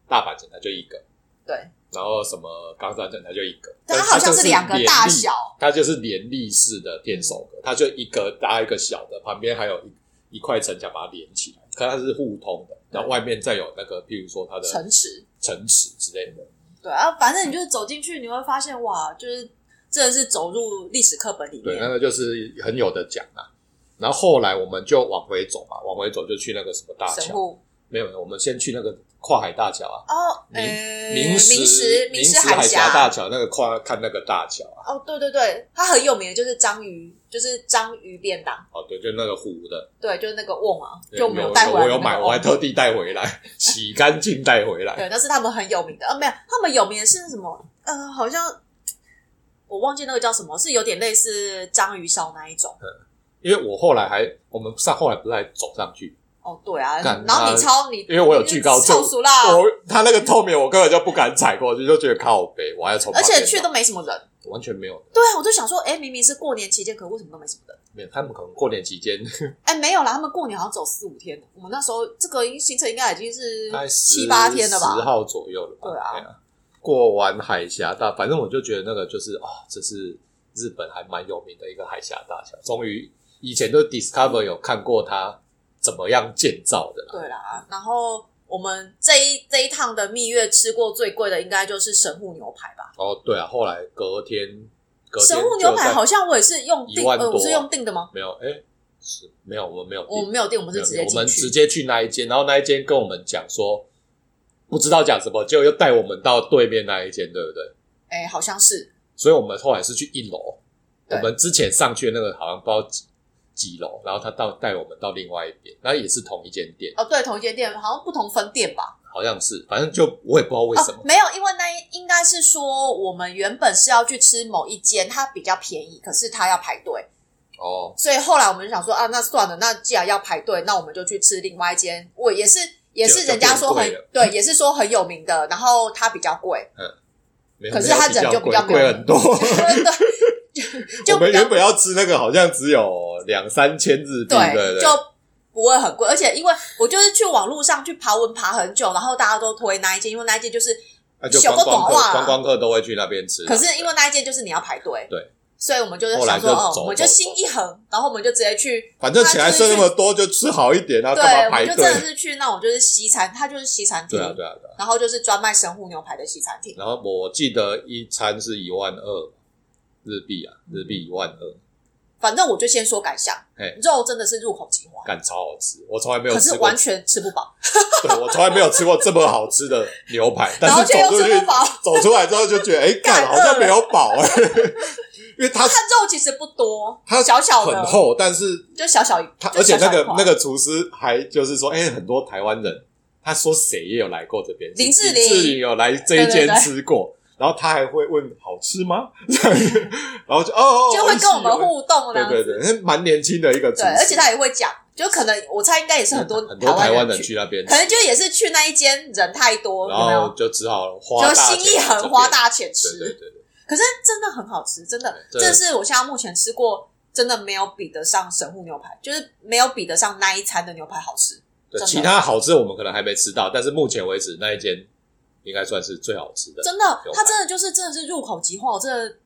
大阪城台、嗯、台就一個，對，然後什麼鋼山城台就一個，它好像是兩個大小，它就，就是連立式的天守閣，它、嗯、就一個搭一個小的，旁邊還有一一塊城牆把它連起來，可它是，是互通的。然後外面再有那個，譬如說它的城池、城池之類的。對啊，反正你就是走進去，你會發現哇，就是這是走入歷史課本裡面。對，那個就是很有的講啊。然後後來我們就往回走嘛，往回走就去那個什麼大橋。神戶。沒有，沒有，我們先去那個。跨海大橋啊，哦、oh, 呃，名名名名明石海峽大橋那個跨看那個大橋啊，哦、oh,，對對對，它很有名的就是章魚，就是章魚便當，哦、oh,，對，就是那個湖的，對，就是那個瓮啊，對，就沒有帶回來，我有買，我還特地帶回來，洗乾淨帶回來， 對，但是他們很有名的啊，沒有，他們有名的是什麼？呃，好像我忘記那個叫什麼，是有點類似章魚燒那一種、嗯，因為我後來還我們上後來不是還走上去。哦，對啊，啊然後你超你，因為我有懼高症，我他那個透明，我根本就不敢踩過去，就覺得靠北。我還要重，而且去都沒什麼人，完全沒有人。對啊，我就想說，哎，明明是過年期間，可為什麼都沒什麼人？沒有，他們可能過年期間，哎，沒有啦，他們過年好像走四五天。 我那時候這個行程應該已經是七八天了吧，十號左右了吧？對啊。對啊，過完海峽大，反正我就覺得那個就是哦，這是日本還蠻有名的一個海峽大橋。終於以前都 Discover 有看過它。怎麼樣建造的？對啦，然後我們這一這一趟的蜜月吃過最貴的，應該就是神戶牛排吧？哦，對啊，後來隔天，隔天，神戶牛排好像我也是用定，我是用定的嗎？沒有，哎、欸，是沒有，我們沒有，我們沒有定。我沒有定，我們是直接去我們直接去那一間，然後那一間跟我們講說不知道講什麼，就又帶我們到對面那一間，對不對？哎、欸，好像是，所以我們後來是去一樓，我們之前上去的那個好像包。幾樓？然後他到帶我們到另外一邊，那也是同一間店哦，對，同一間店，好像不同分店吧？好像是，反正就我也不知道為什麼。哦、沒有，因為那應該是說我們原本是要去吃某一間，它比較便宜，可是它要排隊哦。所以後來我們就想說啊，那算了，那既然要排隊，那我們就去吃另外一間，我也是也是，也是人家說很，很對，也是說很有名的，然後它比較貴，嗯，可是它人就比較貴，貴很多。 就我們原本要吃那個，好像只有兩三千日幣，對、對、對、對，就不會很貴。而且因為我就是去網絡上去爬文爬很久，然後大家都推那一間，因為那一間就是小不廣話觀光，觀光客都會去那邊吃。可是因為那一間就是你要排隊，對，所以我們就是想說，哦，我就心一橫，然後我們就直接去，反正錢還剩那麼多，就吃好一點啊，對，我們就真的是去那種就是西餐，它就是西餐廳，對啊對啊對、啊對啊，然後就是專賣神戶牛排的西餐廳，然後我記得一餐是一萬二。嗯日幣啊，日幣一萬二。反正我就先說感想，哎、欸，肉真的是入口即化，幹，超好吃，我從來沒有吃過，可是完全吃不飽。 對，我從來沒有吃過這麼好吃的牛排， 但是走出去吃不飽，走出來之後就覺得，哎、欸，幹，好像沒有飽誒、欸、 因為它，它肉其實不多，它小小的很厚，但是就小小。它而且那個那個廚師還就是說，誒、欸、很多台灣人，他說誰也有來過這邊，林志玲，林志玲有來這一間吃過。然後他還會問好吃嗎？ 然後就哦，就會跟我們互動了。哦、對對對，蠻年輕的一個主對，而且他也會講，就可能我猜應該也是很多很多台灣人去那邊，可能就也是去那一間人太多，然後有沒有就只好花大就心一橫，花大錢吃。對對，對對對。可是真的很好吃，真的，這是我現在目前吃過真的沒有比得上神戶牛排，就是沒有比得上那一餐的牛排好吃。對，對其他好吃我們可能還沒吃到，但是目前為止那一間。應該算是最好吃的，真的，它真的就是真的是入口即化，我真的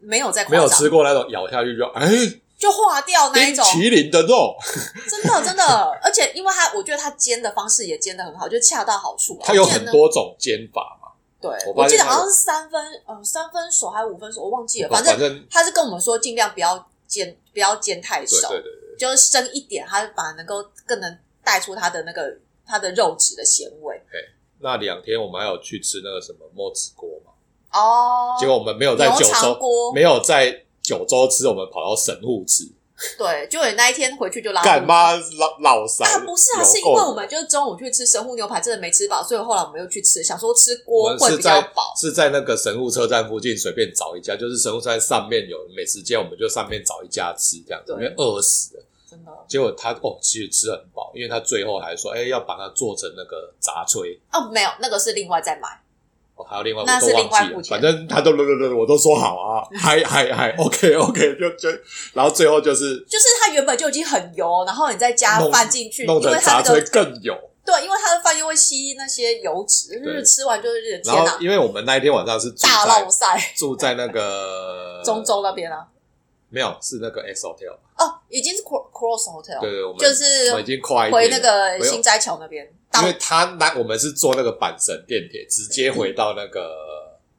沒有在誇張，沒有吃過那種咬下去就哎、欸、就化掉那種冰淇淋的肉， 真的真的，而且因為它我覺得它煎的方式也煎得很好，就恰到好處。它有很多種煎法嘛，對我，我記得好像是三分嗯、呃、三分熟還是五分熟，我忘記了，反正，反正它是跟我們說盡量不要煎不要煎太熟，對對對對，就是生一點，它反而能夠更能帶出它的那個它的肉質的鹹味。那兩天我們還有去吃那個什麼墨池鍋嘛？哦、oh,，結果我們沒有在九州，沒有在九州吃，我們跑到神戶吃。對，就有那一天回去就拉。干媽老老三，不是啊，是因為我們就是中午去吃神戶牛排，真的沒吃飽，所以後來我們又去吃，想說吃鍋會比較飽。我們是在是在那個神戶車站附近隨便找一家，就是神戶車站上面有美食街，每時我們就上面找一家吃這樣子，因為餓死了。結果他哦，其實吃很飽，因為他最後還說，哎、欸，要把它做成那個雜炊哦，沒有，那個是另外再買哦，還有另外那是另外付錢，我都忘記了，反正他都都都、哦，我都說好啊，還還還，OK OK，就就，然後最後就是就是他原本就已經很油，然後你再加飯進去，弄得雜炊更油,、那個、更油，對，因為他的飯又會吸那些油脂，就是吃完就是。啊、然後，因為我們那一天晚上是住在大漏賽，住在那個 中洲那邊啊。沒有，是那個 S Hotel。哦、oh，已經是 Cross Hotel 對。對對，就是已經快回那個心齋橋那邊。因為他那我們是坐那個阪神電鐵，直接回到那個，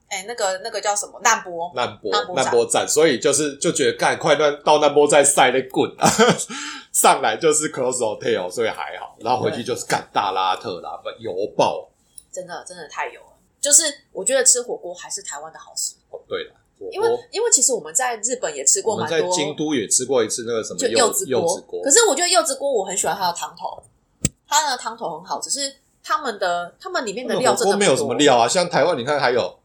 哎，那個那個叫什麼難波難波難波，波，波站，所以就是就覺得干快到難波再塞那滾， 上來就是 Cross Hotel，所以還好。然後回去就是干大拉特啦，油爆，真的真的太油了。就是我覺得吃火鍋還是台灣的好吃哦。對的。因為因為其實我們在日本也吃過蠻多，我們在京都也吃過一次那個什麼柚就柚子鍋。可是我覺得柚子鍋我很喜歡它的湯頭，它的湯頭很好，只是他們的他們裡面的料這、那個，沒有什麼料啊。像台灣你看還有，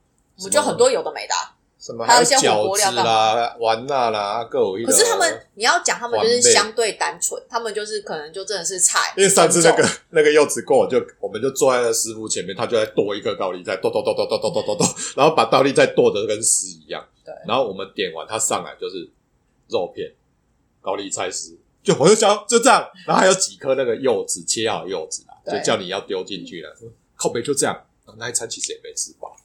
我覺得很多有的沒的、啊。什麼還有餃子、啊、火鍋料啦、丸啦啦，各有一個。可是他們，你要講他們就是相對單純，他們就是可能就真的是菜。因為上次那個那個柚子鍋，就我們就坐在那師傅前面，他就在剁一個高麗菜，剁剁剁剁剁剁剁剁剁，然後把高麗菜剁的跟絲一樣、嗯。然後我們點完，他上來就是肉片、高麗菜絲，就我就想，就這樣。然後還有幾顆那個柚子，切好柚子、嗯，就叫你要丟進去來說、嗯，靠北就這樣。那一餐其實也沒吃飽。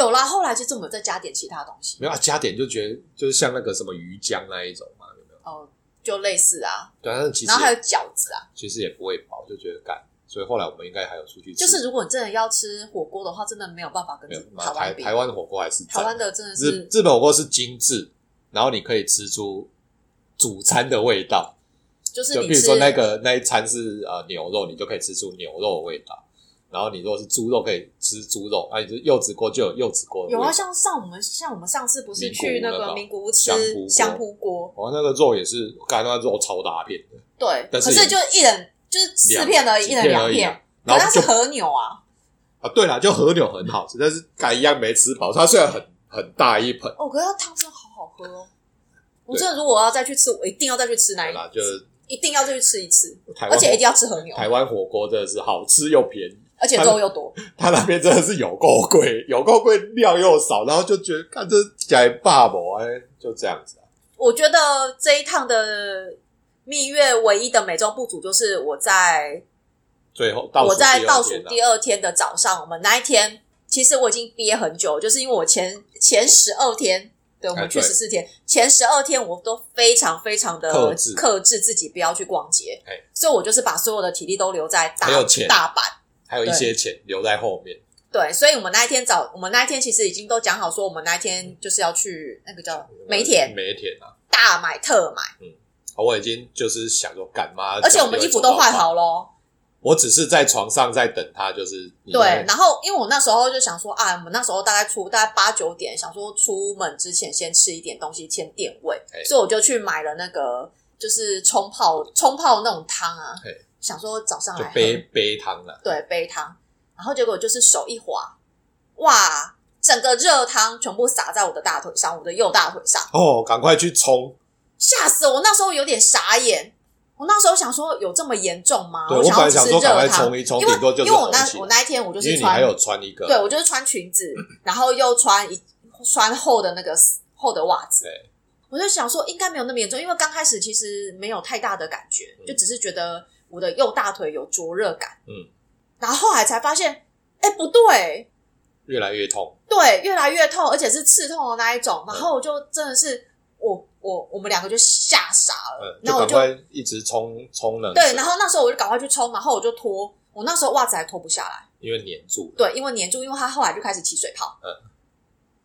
有啦，後來就這麼再加點其他東西？沒有啊，加點就覺得就是像那個什麼魚漿那一種嘛，有沒有？哦，就類似啊。對，但其實然後還有餃子啊，其實也不會飽，就覺得幹。所以後來我們應該還有出去吃。就是如果你真的要吃火鍋的話，真的沒有辦法跟台灣，台灣的火鍋還是台灣的，真的是日本火鍋是精緻，然後你可以吃出主餐的味道。就是你比如說那個那一餐是、呃、牛肉，你就可以吃出牛肉的味道。然後你如果是豬肉，可以吃豬肉，啊，你就柚子鍋就有柚子鍋。有啊，像上我們像我們上次不是、那個、去那個名古屋吃香菇鍋、鍋，哦，那個肉也是，剛那肉超大片的。對，是可是就一人就是四片而已，一人兩片。好像那是和牛啊啊，對啦、啊，就和牛很好吃，但是敢一樣沒吃飽。所以它雖然很很大一盆，哦，可是它湯真的好好喝哦。我真的如果要再去吃，我一定要再去吃那一、啊，就是一定要再去吃一次。而且一定要吃和牛。台灣火鍋真的是好吃又便宜。而且肉又多，他，他那邊真的是有夠貴，有夠貴，料又少，然後就覺得看這在霸寶哎，就這樣子，啊。我覺得這一趟的蜜月唯一的美中不足就是我在最後倒數、啊、我在倒數第二天的早上，我們哪一天？其實我已經憋很久，就是因為我前前十二天對，我們去十四天，啊，前十二天我都非常非常的克制自己不要去逛街，所以我就是把所有的體力都留在大大阪。還有一些錢留在後面。對，所以，我們那一天早，我們那一天其實已經都講好，說我們那一天就是要去那個叫梅田，嗯、梅田啊，大買特買。嗯，我已經就是想說趕嘛，而且我們衣服都換好咯，我只是在床上在等他，就是對。然後，因為我那時候就想說啊，我們那時候大概出大概八九點，想說出門之前先吃一點東西，先墊胃，所以我就去買了那個就是沖泡沖泡那種湯啊。想說早上來喝就杯杯湯了，對，杯湯，然後結果就是手一滑，哇，整個熱湯全部灑在我的大腿上，我的右大腿上。哦，趕快去沖！嚇死我！那時候有點傻眼，我那時候想說，有這麼嚴重嗎？對我，我本來想說吃熱湯，趕快沖一沖頂多就，因為因為我那我那一天我就是穿，因為你還有穿一個，對我就是穿裙子， 然後又穿一穿厚的那個厚的襪子對。我就想說，應該沒有那麼嚴重，因為剛開始其實沒有太大的感覺，就只是覺得。嗯我的右大腿有灼熱感，嗯，然後後來才發現，哎、欸，不對，越來越痛，對，越來越痛，而且是刺痛的那一種，然後我就真的是、嗯、我我我們兩個就嚇傻了，那、嗯、我就一直沖沖冷，對，然後那時候我就趕快去沖，然後我就脫，我那時候襪子還脫不下來，因為黏住了，對，因為黏住，因為它後來就開始起水泡，嗯，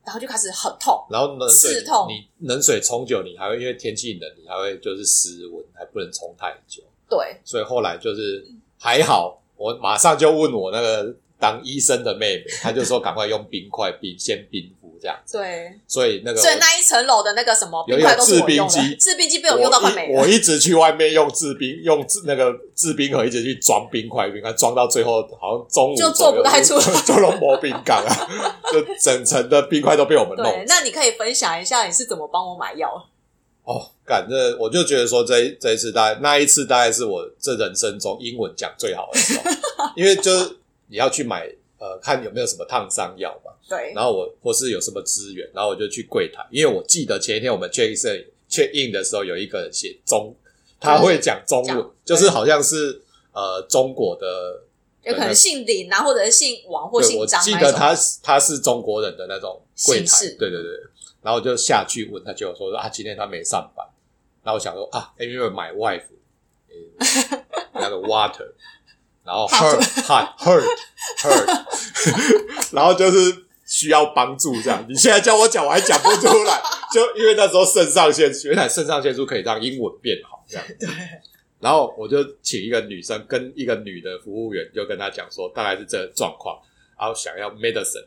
然後就開始很痛，然後冷水刺痛你。你冷水沖久，你還會因為天氣冷，你還會就是失溫，還不能沖太久。對，所以後來就是還好，我馬上就問我那個當醫生的妹妹，她就說趕快用冰塊冰，先冰敷這樣子。對，所以那個，所以那一層樓的那個什麼冰塊都是我用的，有一個製冰機，製冰機被我用到快沒了，我一，我一直去外面用製冰用那個製冰盒，一直去裝冰塊，冰塊裝到最後好像中午就，就做不太出了，就弄薄冰乾啊。就整層的冰塊都被我們弄，對。那你可以分享一下你是怎麼幫我買藥？哦，感，這我就覺得說，這，這這一次大概那一次大概是我這人生中英文講最好的時候， 因為就是你要去買呃，看有沒有什麼燙傷藥嘛。對。然後我或是有什麼資源，然後我就去櫃檯，因為我記得前一天我們 check in check in 的時候，有一個人寫中，他會講中文，就是好像是呃中國的，的，有可能姓林啊，或者是姓王或姓張，我記得他是他是中國人的那種櫃檯，對對對。然後我就下去問他，就說說啊，今天他沒上班。然後我想說啊 my wife，那個 water，然後 hurt，hurt，hurt，hurt, hot, hurt, hurt. 然後就是需要幫助這樣。你現在叫我講，我還講不出來，就因為那時候腎上腺，原來腎上腺素可以讓英文變好這樣。對。然後我就請一個女生跟一個女的服務員，就跟他講說，大概是這個狀況，然後想要 medicine。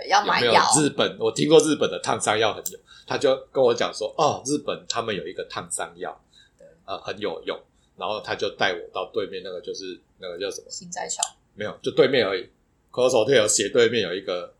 對，要買藥日本？我聽過日本的燙傷藥很有，他就跟我講說：“哦，日本他們有一個燙傷藥，呃，很有用。”然後他就帶我到對面那個，就是那個叫什麼？心齋橋？沒有，就對面而已。Cross Hotel 斜對面有一個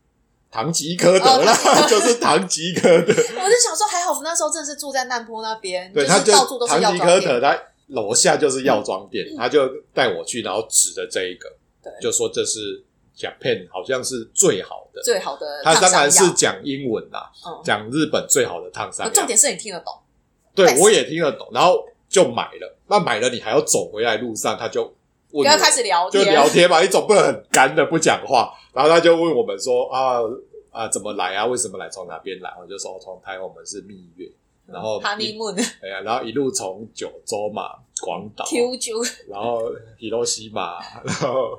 唐吉訶德啦，哦、 就是唐吉訶德。 我就想說，還好我們那時候正是住在難波那邊，對，他到處都是唐吉訶德，他樓下就是藥妝店、嗯，他就帶我去，然後指着這一個對，就說這是。Japan 好像是最好的，最好的，他當然是講英文啦，嗯、講日本最好的燙傷、嗯。重點是你聽得懂，對、nice. 我也聽得懂，然後就買了。那買了你還要走回來路上，他就問我又開始聊天，就聊天嘛，你總不能很乾的不講話。然後他就問我們說啊啊、呃呃、怎麼來啊？為什麼來？從哪邊來、啊？我就說我從台灣，我們是蜜月。然後，尼，哎呀，然後一路從九州嘛，廣島，然後比洛西嘛，然後，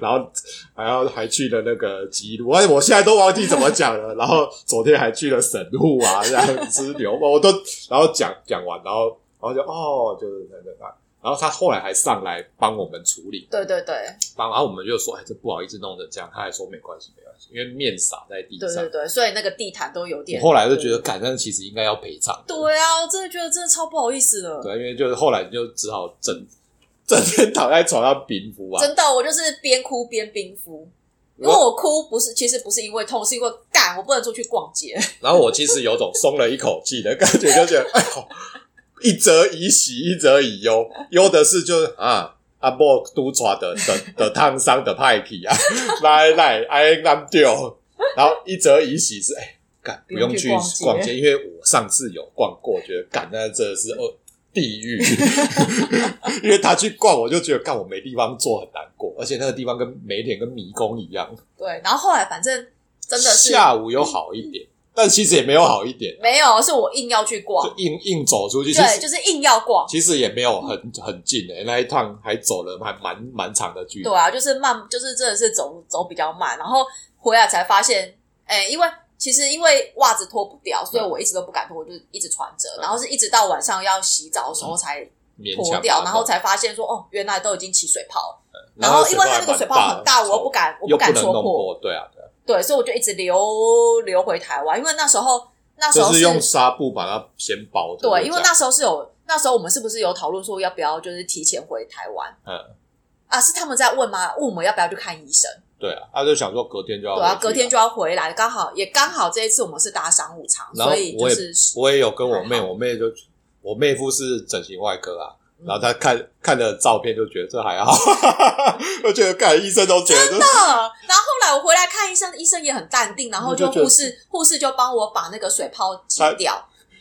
然後，然後還去了那個吉魯，哎，我現在都忘記怎麼講了。 然後昨天還去了神戶啊，這樣吃牛，我都然後講講完，然後，然後就哦，就是那那那。然後他後來還上來幫我們處理，對對對，幫。然後我們就說，哎，這不好意思弄成這樣。他還說沒關係，沒有。因為麵灑在地上，對對對，所以那個地毯都有點。後來就覺得，感恩其實應該要賠償。對，對啊，我真的覺得真的超不好意思的。對，因為就是後來就只好整整天躺在床上冰敷啊。真的，我就是邊哭邊冰敷，因為我哭不是，其實不是因為痛，是因為幹，我不能出去逛街。然後我其實有種鬆了一口氣的 感覺，就覺得哎呦，一則以喜，一則以憂，憂的是就是啊。阿莫都穿的的的燙傷的派皮啊，來來，哎 難掉 麼會 麼會。 然後一則一喜是，哎、欸，幹，不用去逛街， 因為我上次有逛過，覺得幹那真的是呃、哦、地獄。 因為他去逛，我就覺得幹我沒地方坐，很難過，而且那個地方跟每一點跟迷宮一樣。對，然後後來反正真的是下午又好一點。嗯。但其實也沒有好一點、啊，沒有，是我硬要去逛，就硬硬走出去，對，就是硬要逛。其實也沒有很很近誒、欸嗯，那一趟還走了蠻蠻蠻長的距離。對啊，就是慢，就是真的是走走比較慢，然後回來才發現，誒、欸，因為其實因為襪子脫不掉，所以我一直都不敢脫，就一直穿着，然後是一直到晚上要洗澡的時候才脫掉、嗯然，然後才發現說，哦，原來都已經起水泡了，然後，泡然後因為它那個水泡很大，我又不敢，我不敢戳破，對啊，對啊。對啊對，所以我就一直留留回台灣，因為那時候那時候是、就是、用紗布把它先包著。對，因為那時候是有那時候我們是不是有討論說要不要就是提前回台灣？嗯，啊，是他們在問嗎？問我們要不要去看醫生？對啊，他、啊、就想說隔天就要回，對啊，隔天就要回來，剛好也剛好這一次我們是搭商務艙，所以就是我也有跟我妹，我妹就我妹夫是整形外科啊。然後他看看的照片就覺得這還好， 我覺得看醫生都覺得真的。然後後來我回來看醫生，醫生也很淡定，然後就護士、嗯、就就護士就幫我把那個水泡擠掉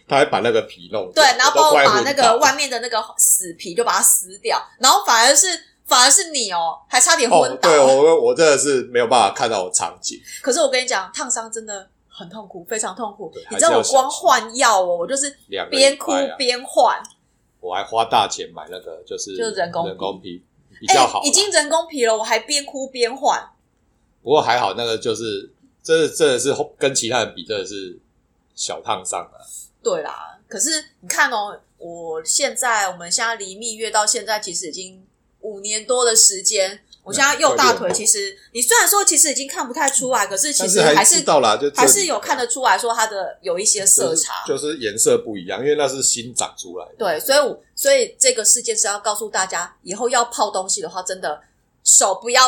他，他還把那個皮弄對，然後幫我,把,我把那個外面的那個死皮就把它撕掉，然後反而是反而是你哦，還差點昏倒、哦。對，我我真的是沒有辦法看到場景。可是我跟你講，燙傷真的很痛苦，非常痛苦。你知道我光換藥哦，我就是邊哭、啊、邊換。我還花大錢買那個，就是就人工人工皮、就是、人工皮比較好，欸，已經人工皮了，我還邊哭邊換。不過還好，那個就是這這是跟其他人比，這是小燙傷了。對啦，可是你看哦，喔，我現在我們現在離蜜月到現在，其實已經五年多的時間。我現在右大腿其實，你雖然說其實已經看不太出來，可是其實還是，是還，還是有看得出來說它的有一些色差，就是顏、就是、色不一樣，因為那是新長出來的。對，所以所以這個事件是要告訴大家，以後要泡東西的話，真的手不要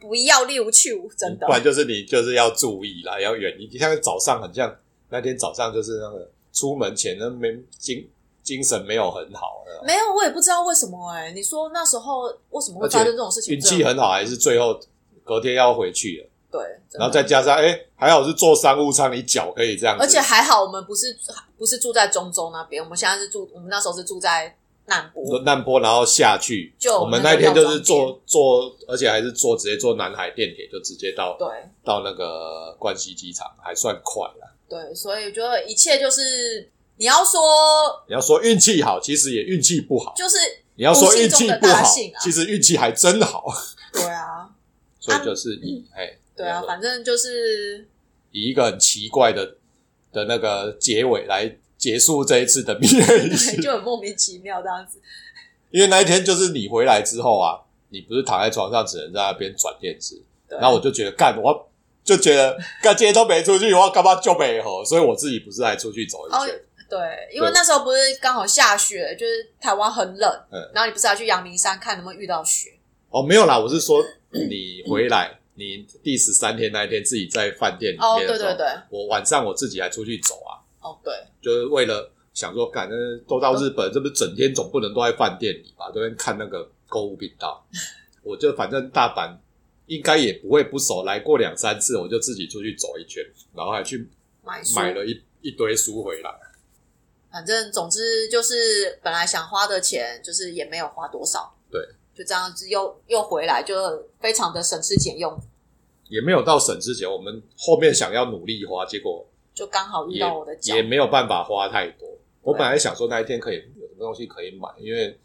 不要溜去，真的，不然就是你就是要注意啦，要遠你像早上很像那天早上就是那個出門前那個、沒經。精神沒有很好，嗯，沒有，我也不知道為什麼哎。你說那時候為什麼會發生這種事情？運氣很好，還是最後隔天要回去了。對，然後再加上哎、欸，還好是坐商務艙，你腳可以這樣。而且還好，我們不是不是住在中州那邊，我們現在是住我們那時候是住在難波、難波，然後下去就我們，我們那天就是坐坐，而且還是坐直接坐南海電鐵，就直接到對到那個關西機場，還算快了。對，所以我覺得一切就是。你要說你要說運氣好，其實也運氣不好。就是你要說運氣不好，啊、其實運氣還真好。對啊，所以就是以哎、啊欸對，啊、對啊，反正就是以一個很奇怪的的那個結尾來結束這一次的蜜月旅行， 就很莫名其妙這樣子。因為那一天就是你回來之後啊，你不是躺在床上只能在那邊轉電視，然後我就覺得幹，我就覺得幹 今天都沒出去，我幹嘛就沒和，所以我自己不是還出去走一圈。Oh, 對，因為那時候不是剛好下雪，就是台灣很冷，嗯，然後你不是要去陽明山看能不能遇到雪？哦，沒有啦，我是說你回來， 你第十三天那一天自己在飯店裡面，哦、對、對對對，我晚上我自己還出去走啊，哦對，就是為了想說，反正都到日本，這不整天總不能都在飯店裡吧？都在看那個購物頻道， 我就反正大阪應該也不會不熟，來過兩三次，我就自己出去走一圈，然後還去買買了一買一堆書回來。反正總之就是，本來想花的錢，就是也沒有花多少。對，就這樣子又又回來，就非常的省吃儉用，也沒有到省吃儉用。我們後面想要努力花，結果就剛好遇到我的也，也沒有辦法花太多。我本來想說那一天可以有什麼東西可以買，因為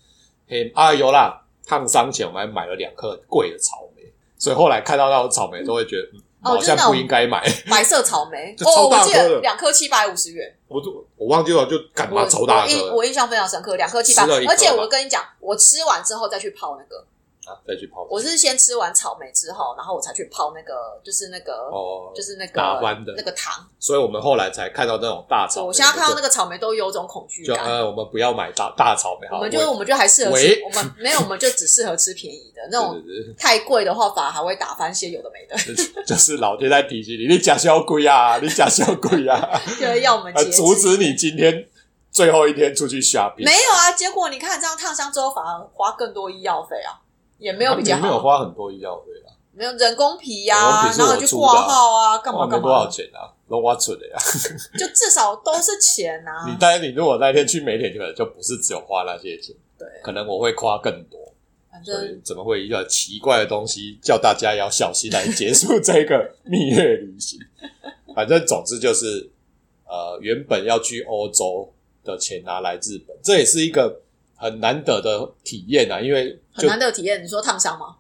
嘿啊有啦，燙傷前我們還買了兩顆貴的草莓，所以後來看到那種草莓都會覺得。嗯，嗯。好像哦，真的不應該買白色草莓， 哦，我記得兩顆七百五十元。我就我忘記了，就幹嘛，超大顆。我印象非常深刻，兩顆七百，而且我跟你講，我吃完之後再去泡那個。啊！再去泡。我是先吃完草莓之後，然後我才去泡那個，就是那個，哦、就是那個打翻的那個糖。所以我們後來才看到那種大草莓。我現在看到那個草莓都有種恐懼感。呃、嗯，我們不要買大大草莓好，我們就我們就還適合吃，我們沒有，我們就只適合吃便宜的那種。是是是，太貴的話，反而還會打翻些有的沒的。 就是老天在提醒你，你假小鬼啊，你假小鬼啊！ 就要我們、呃、阻止你今天最後一天出去瞎拼？沒有啊，結果你看這樣燙傷之後，反而花更多醫藥費啊。也沒有比較，沒，沒有花很多醫藥費啦，沒有人工皮呀、啊，然後去掛號啊，幹嘛幹嘛？沒多少錢啊，我出啊，就至少都是錢啊。 你當然，你如果那天去美可能就不是只有花那些錢，對，可能我會花更多。反正所以怎麼會有一個奇怪的東西，叫大家要小心來結束這個蜜月旅行。 反正總之就是，呃，原本要去歐洲的錢拿來日本，這也是一個很難得的體驗啊，因為很難得體驗。你說燙傷嗎？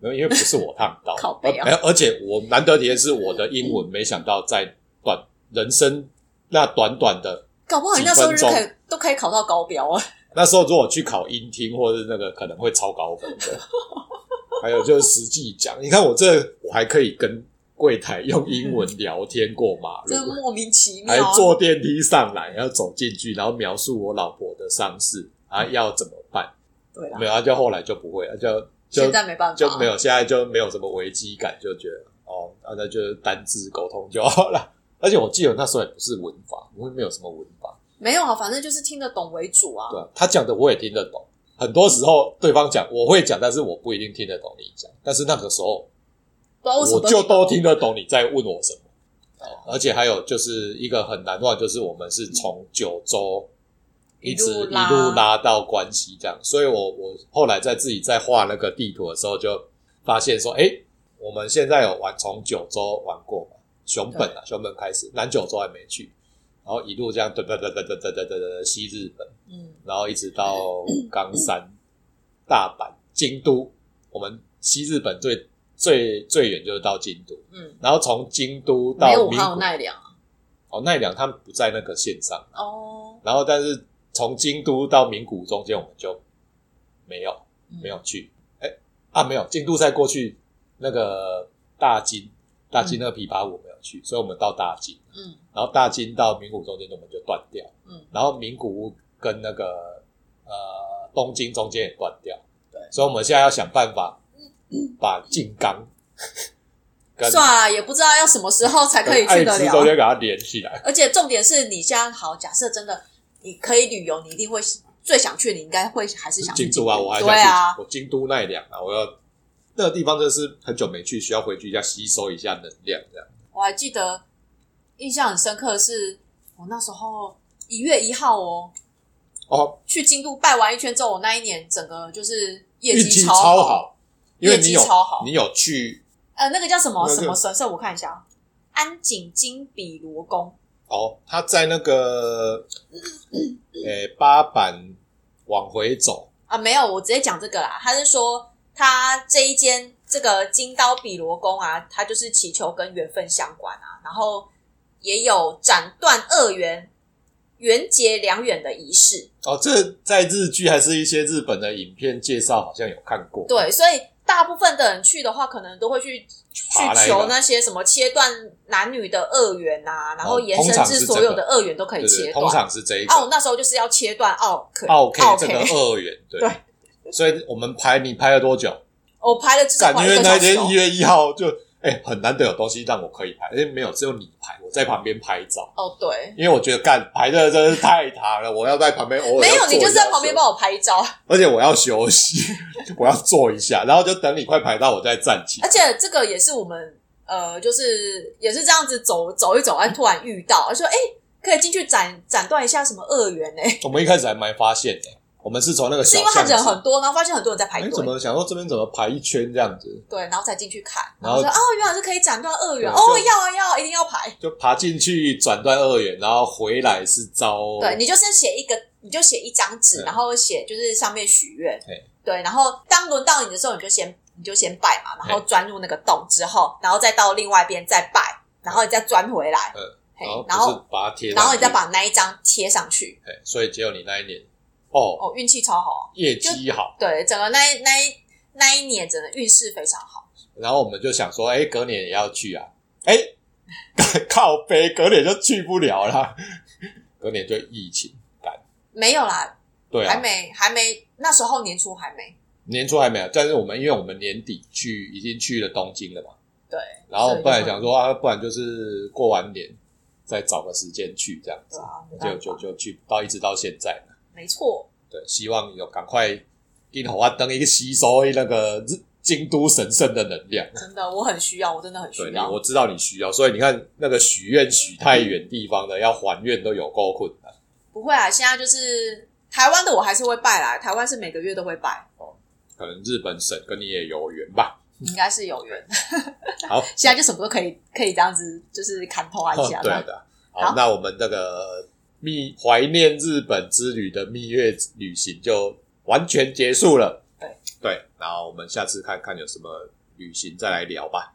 因為不是我燙到。 靠北啊！而且我難得體驗是我的英文，嗯、沒想到在短人生那短短的，搞不好你那時候都可以都可以考到高標啊。那時候如果去考英聽或者那個可能會超高分的。 還有就是實際講，你看我這我還可以跟櫃台用英文聊天過嘛，就、嗯、莫名其妙。坐電梯上來，然後走進去，然後描述我老婆的傷勢。啊，要怎麼辦？對啦，沒有，啊、就後來就不會了，就就現在沒辦法，就沒有，現在就沒有什麼危機感，就覺得哦，啊、那就單字溝通就好了。而且我記得那時候也不是文法，我們沒有什麼文法，沒有啊，反正就是聽得懂為主啊。對啊，他講的我也聽得懂，很多時候對方講我會講，但是我不一定聽得懂你講，但是那個時候，我就都聽得懂你在問我什麼。哦，嗯、而且還有就是一個很難忘，就是我們是從九州，一,一直一路拉到關西這樣，所以我我後來在自己在畫那個地圖的時候就發現說，哎，我們現在有玩從九州玩過嘛？熊本啊，熊本開始，南九州還沒去，然後一路這樣噠噠噠噠噠噠噠噠西日本，嗯，然後一直到岡山、嗯嗯、大阪、京都，我們西日本最、嗯、最最遠就是到京都，嗯，然後從京都到沒有奈良，哦，奈良他們不在那個線上哦，然後但是。從京都到名古屋中間，我們就沒有沒有去、嗯欸，啊，沒有。京都再過去那個大金大金那個琵琶湖我沒有去，所以，我們到大金，嗯，然後大金到名古屋中間，我們就斷掉，嗯，然後名古屋跟那個呃東京中間也斷掉、嗯，對，所以，我們現在要想辦法把靜岡、嗯、跟算了，也不知道要什麼時候才可以去得了，把十周天給它連起來，而且重點是你這樣好假設真的。你可以旅遊，你一定會最想去，你應該會還是想去京都啊！我還想去，對啊。我京都奈良啊！我要那個地方真的是很久沒去，需要回去一下吸收一下能量這樣。我還記得印象很深刻的是我那時候一月一號哦，哦，去京都拜完一圈之後，我那一年整個就是業績超好，超好，因為你有業績超好，因為你有，你有去呃那個叫什麼、那個、什麼神社？我看一下，安井金比羅宮。哦，他在那個誒、欸、八坂往回走。啊，沒有，我直接講這個啦，他是說他這一間這個金刀比羅宮啊，他就是祈求跟緣分相關啊，然後也有斬斷惡緣、緣結良緣的儀式。哦，這在日劇還是一些日本的影片介紹，好像有看過。對，所以大部分的人去的話，可能都會去。去求那些什麼切斷男女的惡緣吶，然後延伸至所有的惡緣都可以切斷、嗯。通常是這一、個、哦，對對對這個啊、那時候就是要切斷奧克奧這個惡緣。對，所以我們拍你拍了多久？我、哦、拍了，是因為那天一月一號就。 哎、欸，很難得有東西讓我可以拍，因、欸、為沒有，只有你拍，我在旁邊拍照。哦、oh,，對，因為我覺得乾排隊真的是太長了，我要在旁邊偶 沒有，你就是在旁邊幫我拍照。而且我要休息， 我要坐一下，然後就等你快排到，我再站起來。而且這個也是我們呃，就是也是這樣子走走一走啊，突然遇到， 說哎、欸，可以進去斬斬斷一下什麼惡緣呢？我們一開始還蠻發現的。我們是從那個小是因為他人很多，然後發現很多人在排隊。你、哎、怎麼想說這邊怎麼排一圈這樣子？對，然後再進去看。然後啊、哦，原來是可以斬斷惡緣。哦，要啊要，一定要排。就爬進去斬斷惡緣，然後回來是招。對，你就是寫一個，你就寫一張紙，嗯、然後寫就是上面許願。對對，然後當輪到你的時候你，你就先你就先拜嘛，然後鑽入那個洞之後，然後再到另外一邊再拜，然後你再鑽回來。嗯，然後，然後是把它貼，然後你再把那一張貼上去。所以只有你那一年。哦哦，運、哦、氣超好，業績好，對，整個那那一那一年，整個運勢非常好。然後我們就想說，哎、欸，隔年也要去啊，哎、欸， 靠北，隔年就去不了啦。隔年就疫情幹。沒有啦，對、啊、還沒，還沒，那時候年初還沒，年初還沒有、啊，但是我們因為我們年底去已經去了東京了嘛，對。然後本來想說啊，不然就是過完年再找個時間去這樣子，啊、就就就去到一直到現在。沒錯，對，希望有趕快，快給頭啊燈一個吸收那個京都神聖的能量。真的，我很需要，我真的很需要。對我知道你需要，所以你看那個許願許太遠地方的、嗯、要還願都有夠困難。不會啊，現在就是台灣的我還是會拜啦，台灣是每個月都會拜、哦。可能日本神跟你也有緣吧，應該是有緣。 好，現在就什麼都可以可以這樣子，就是看透一下。對的好，好，那我們這、那個。蜜懷念日本之旅的蜜月旅行就完全結束了對。對對，然後我們下次看看有什麼旅行再來聊吧。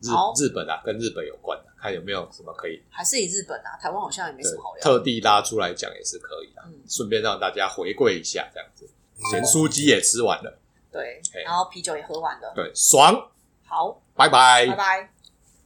日、哦、日本啊，跟日本有關的、啊，看有沒有什麼可以還是以日本啊，台灣好像也沒什麼好。聊。特地拉出來講也是可以的、啊，嗯，順便讓大家回顧一下這樣子、嗯。鹹酥雞也吃完了，對，然後啤酒也喝完了，哎、對，爽。好，拜拜，拜拜。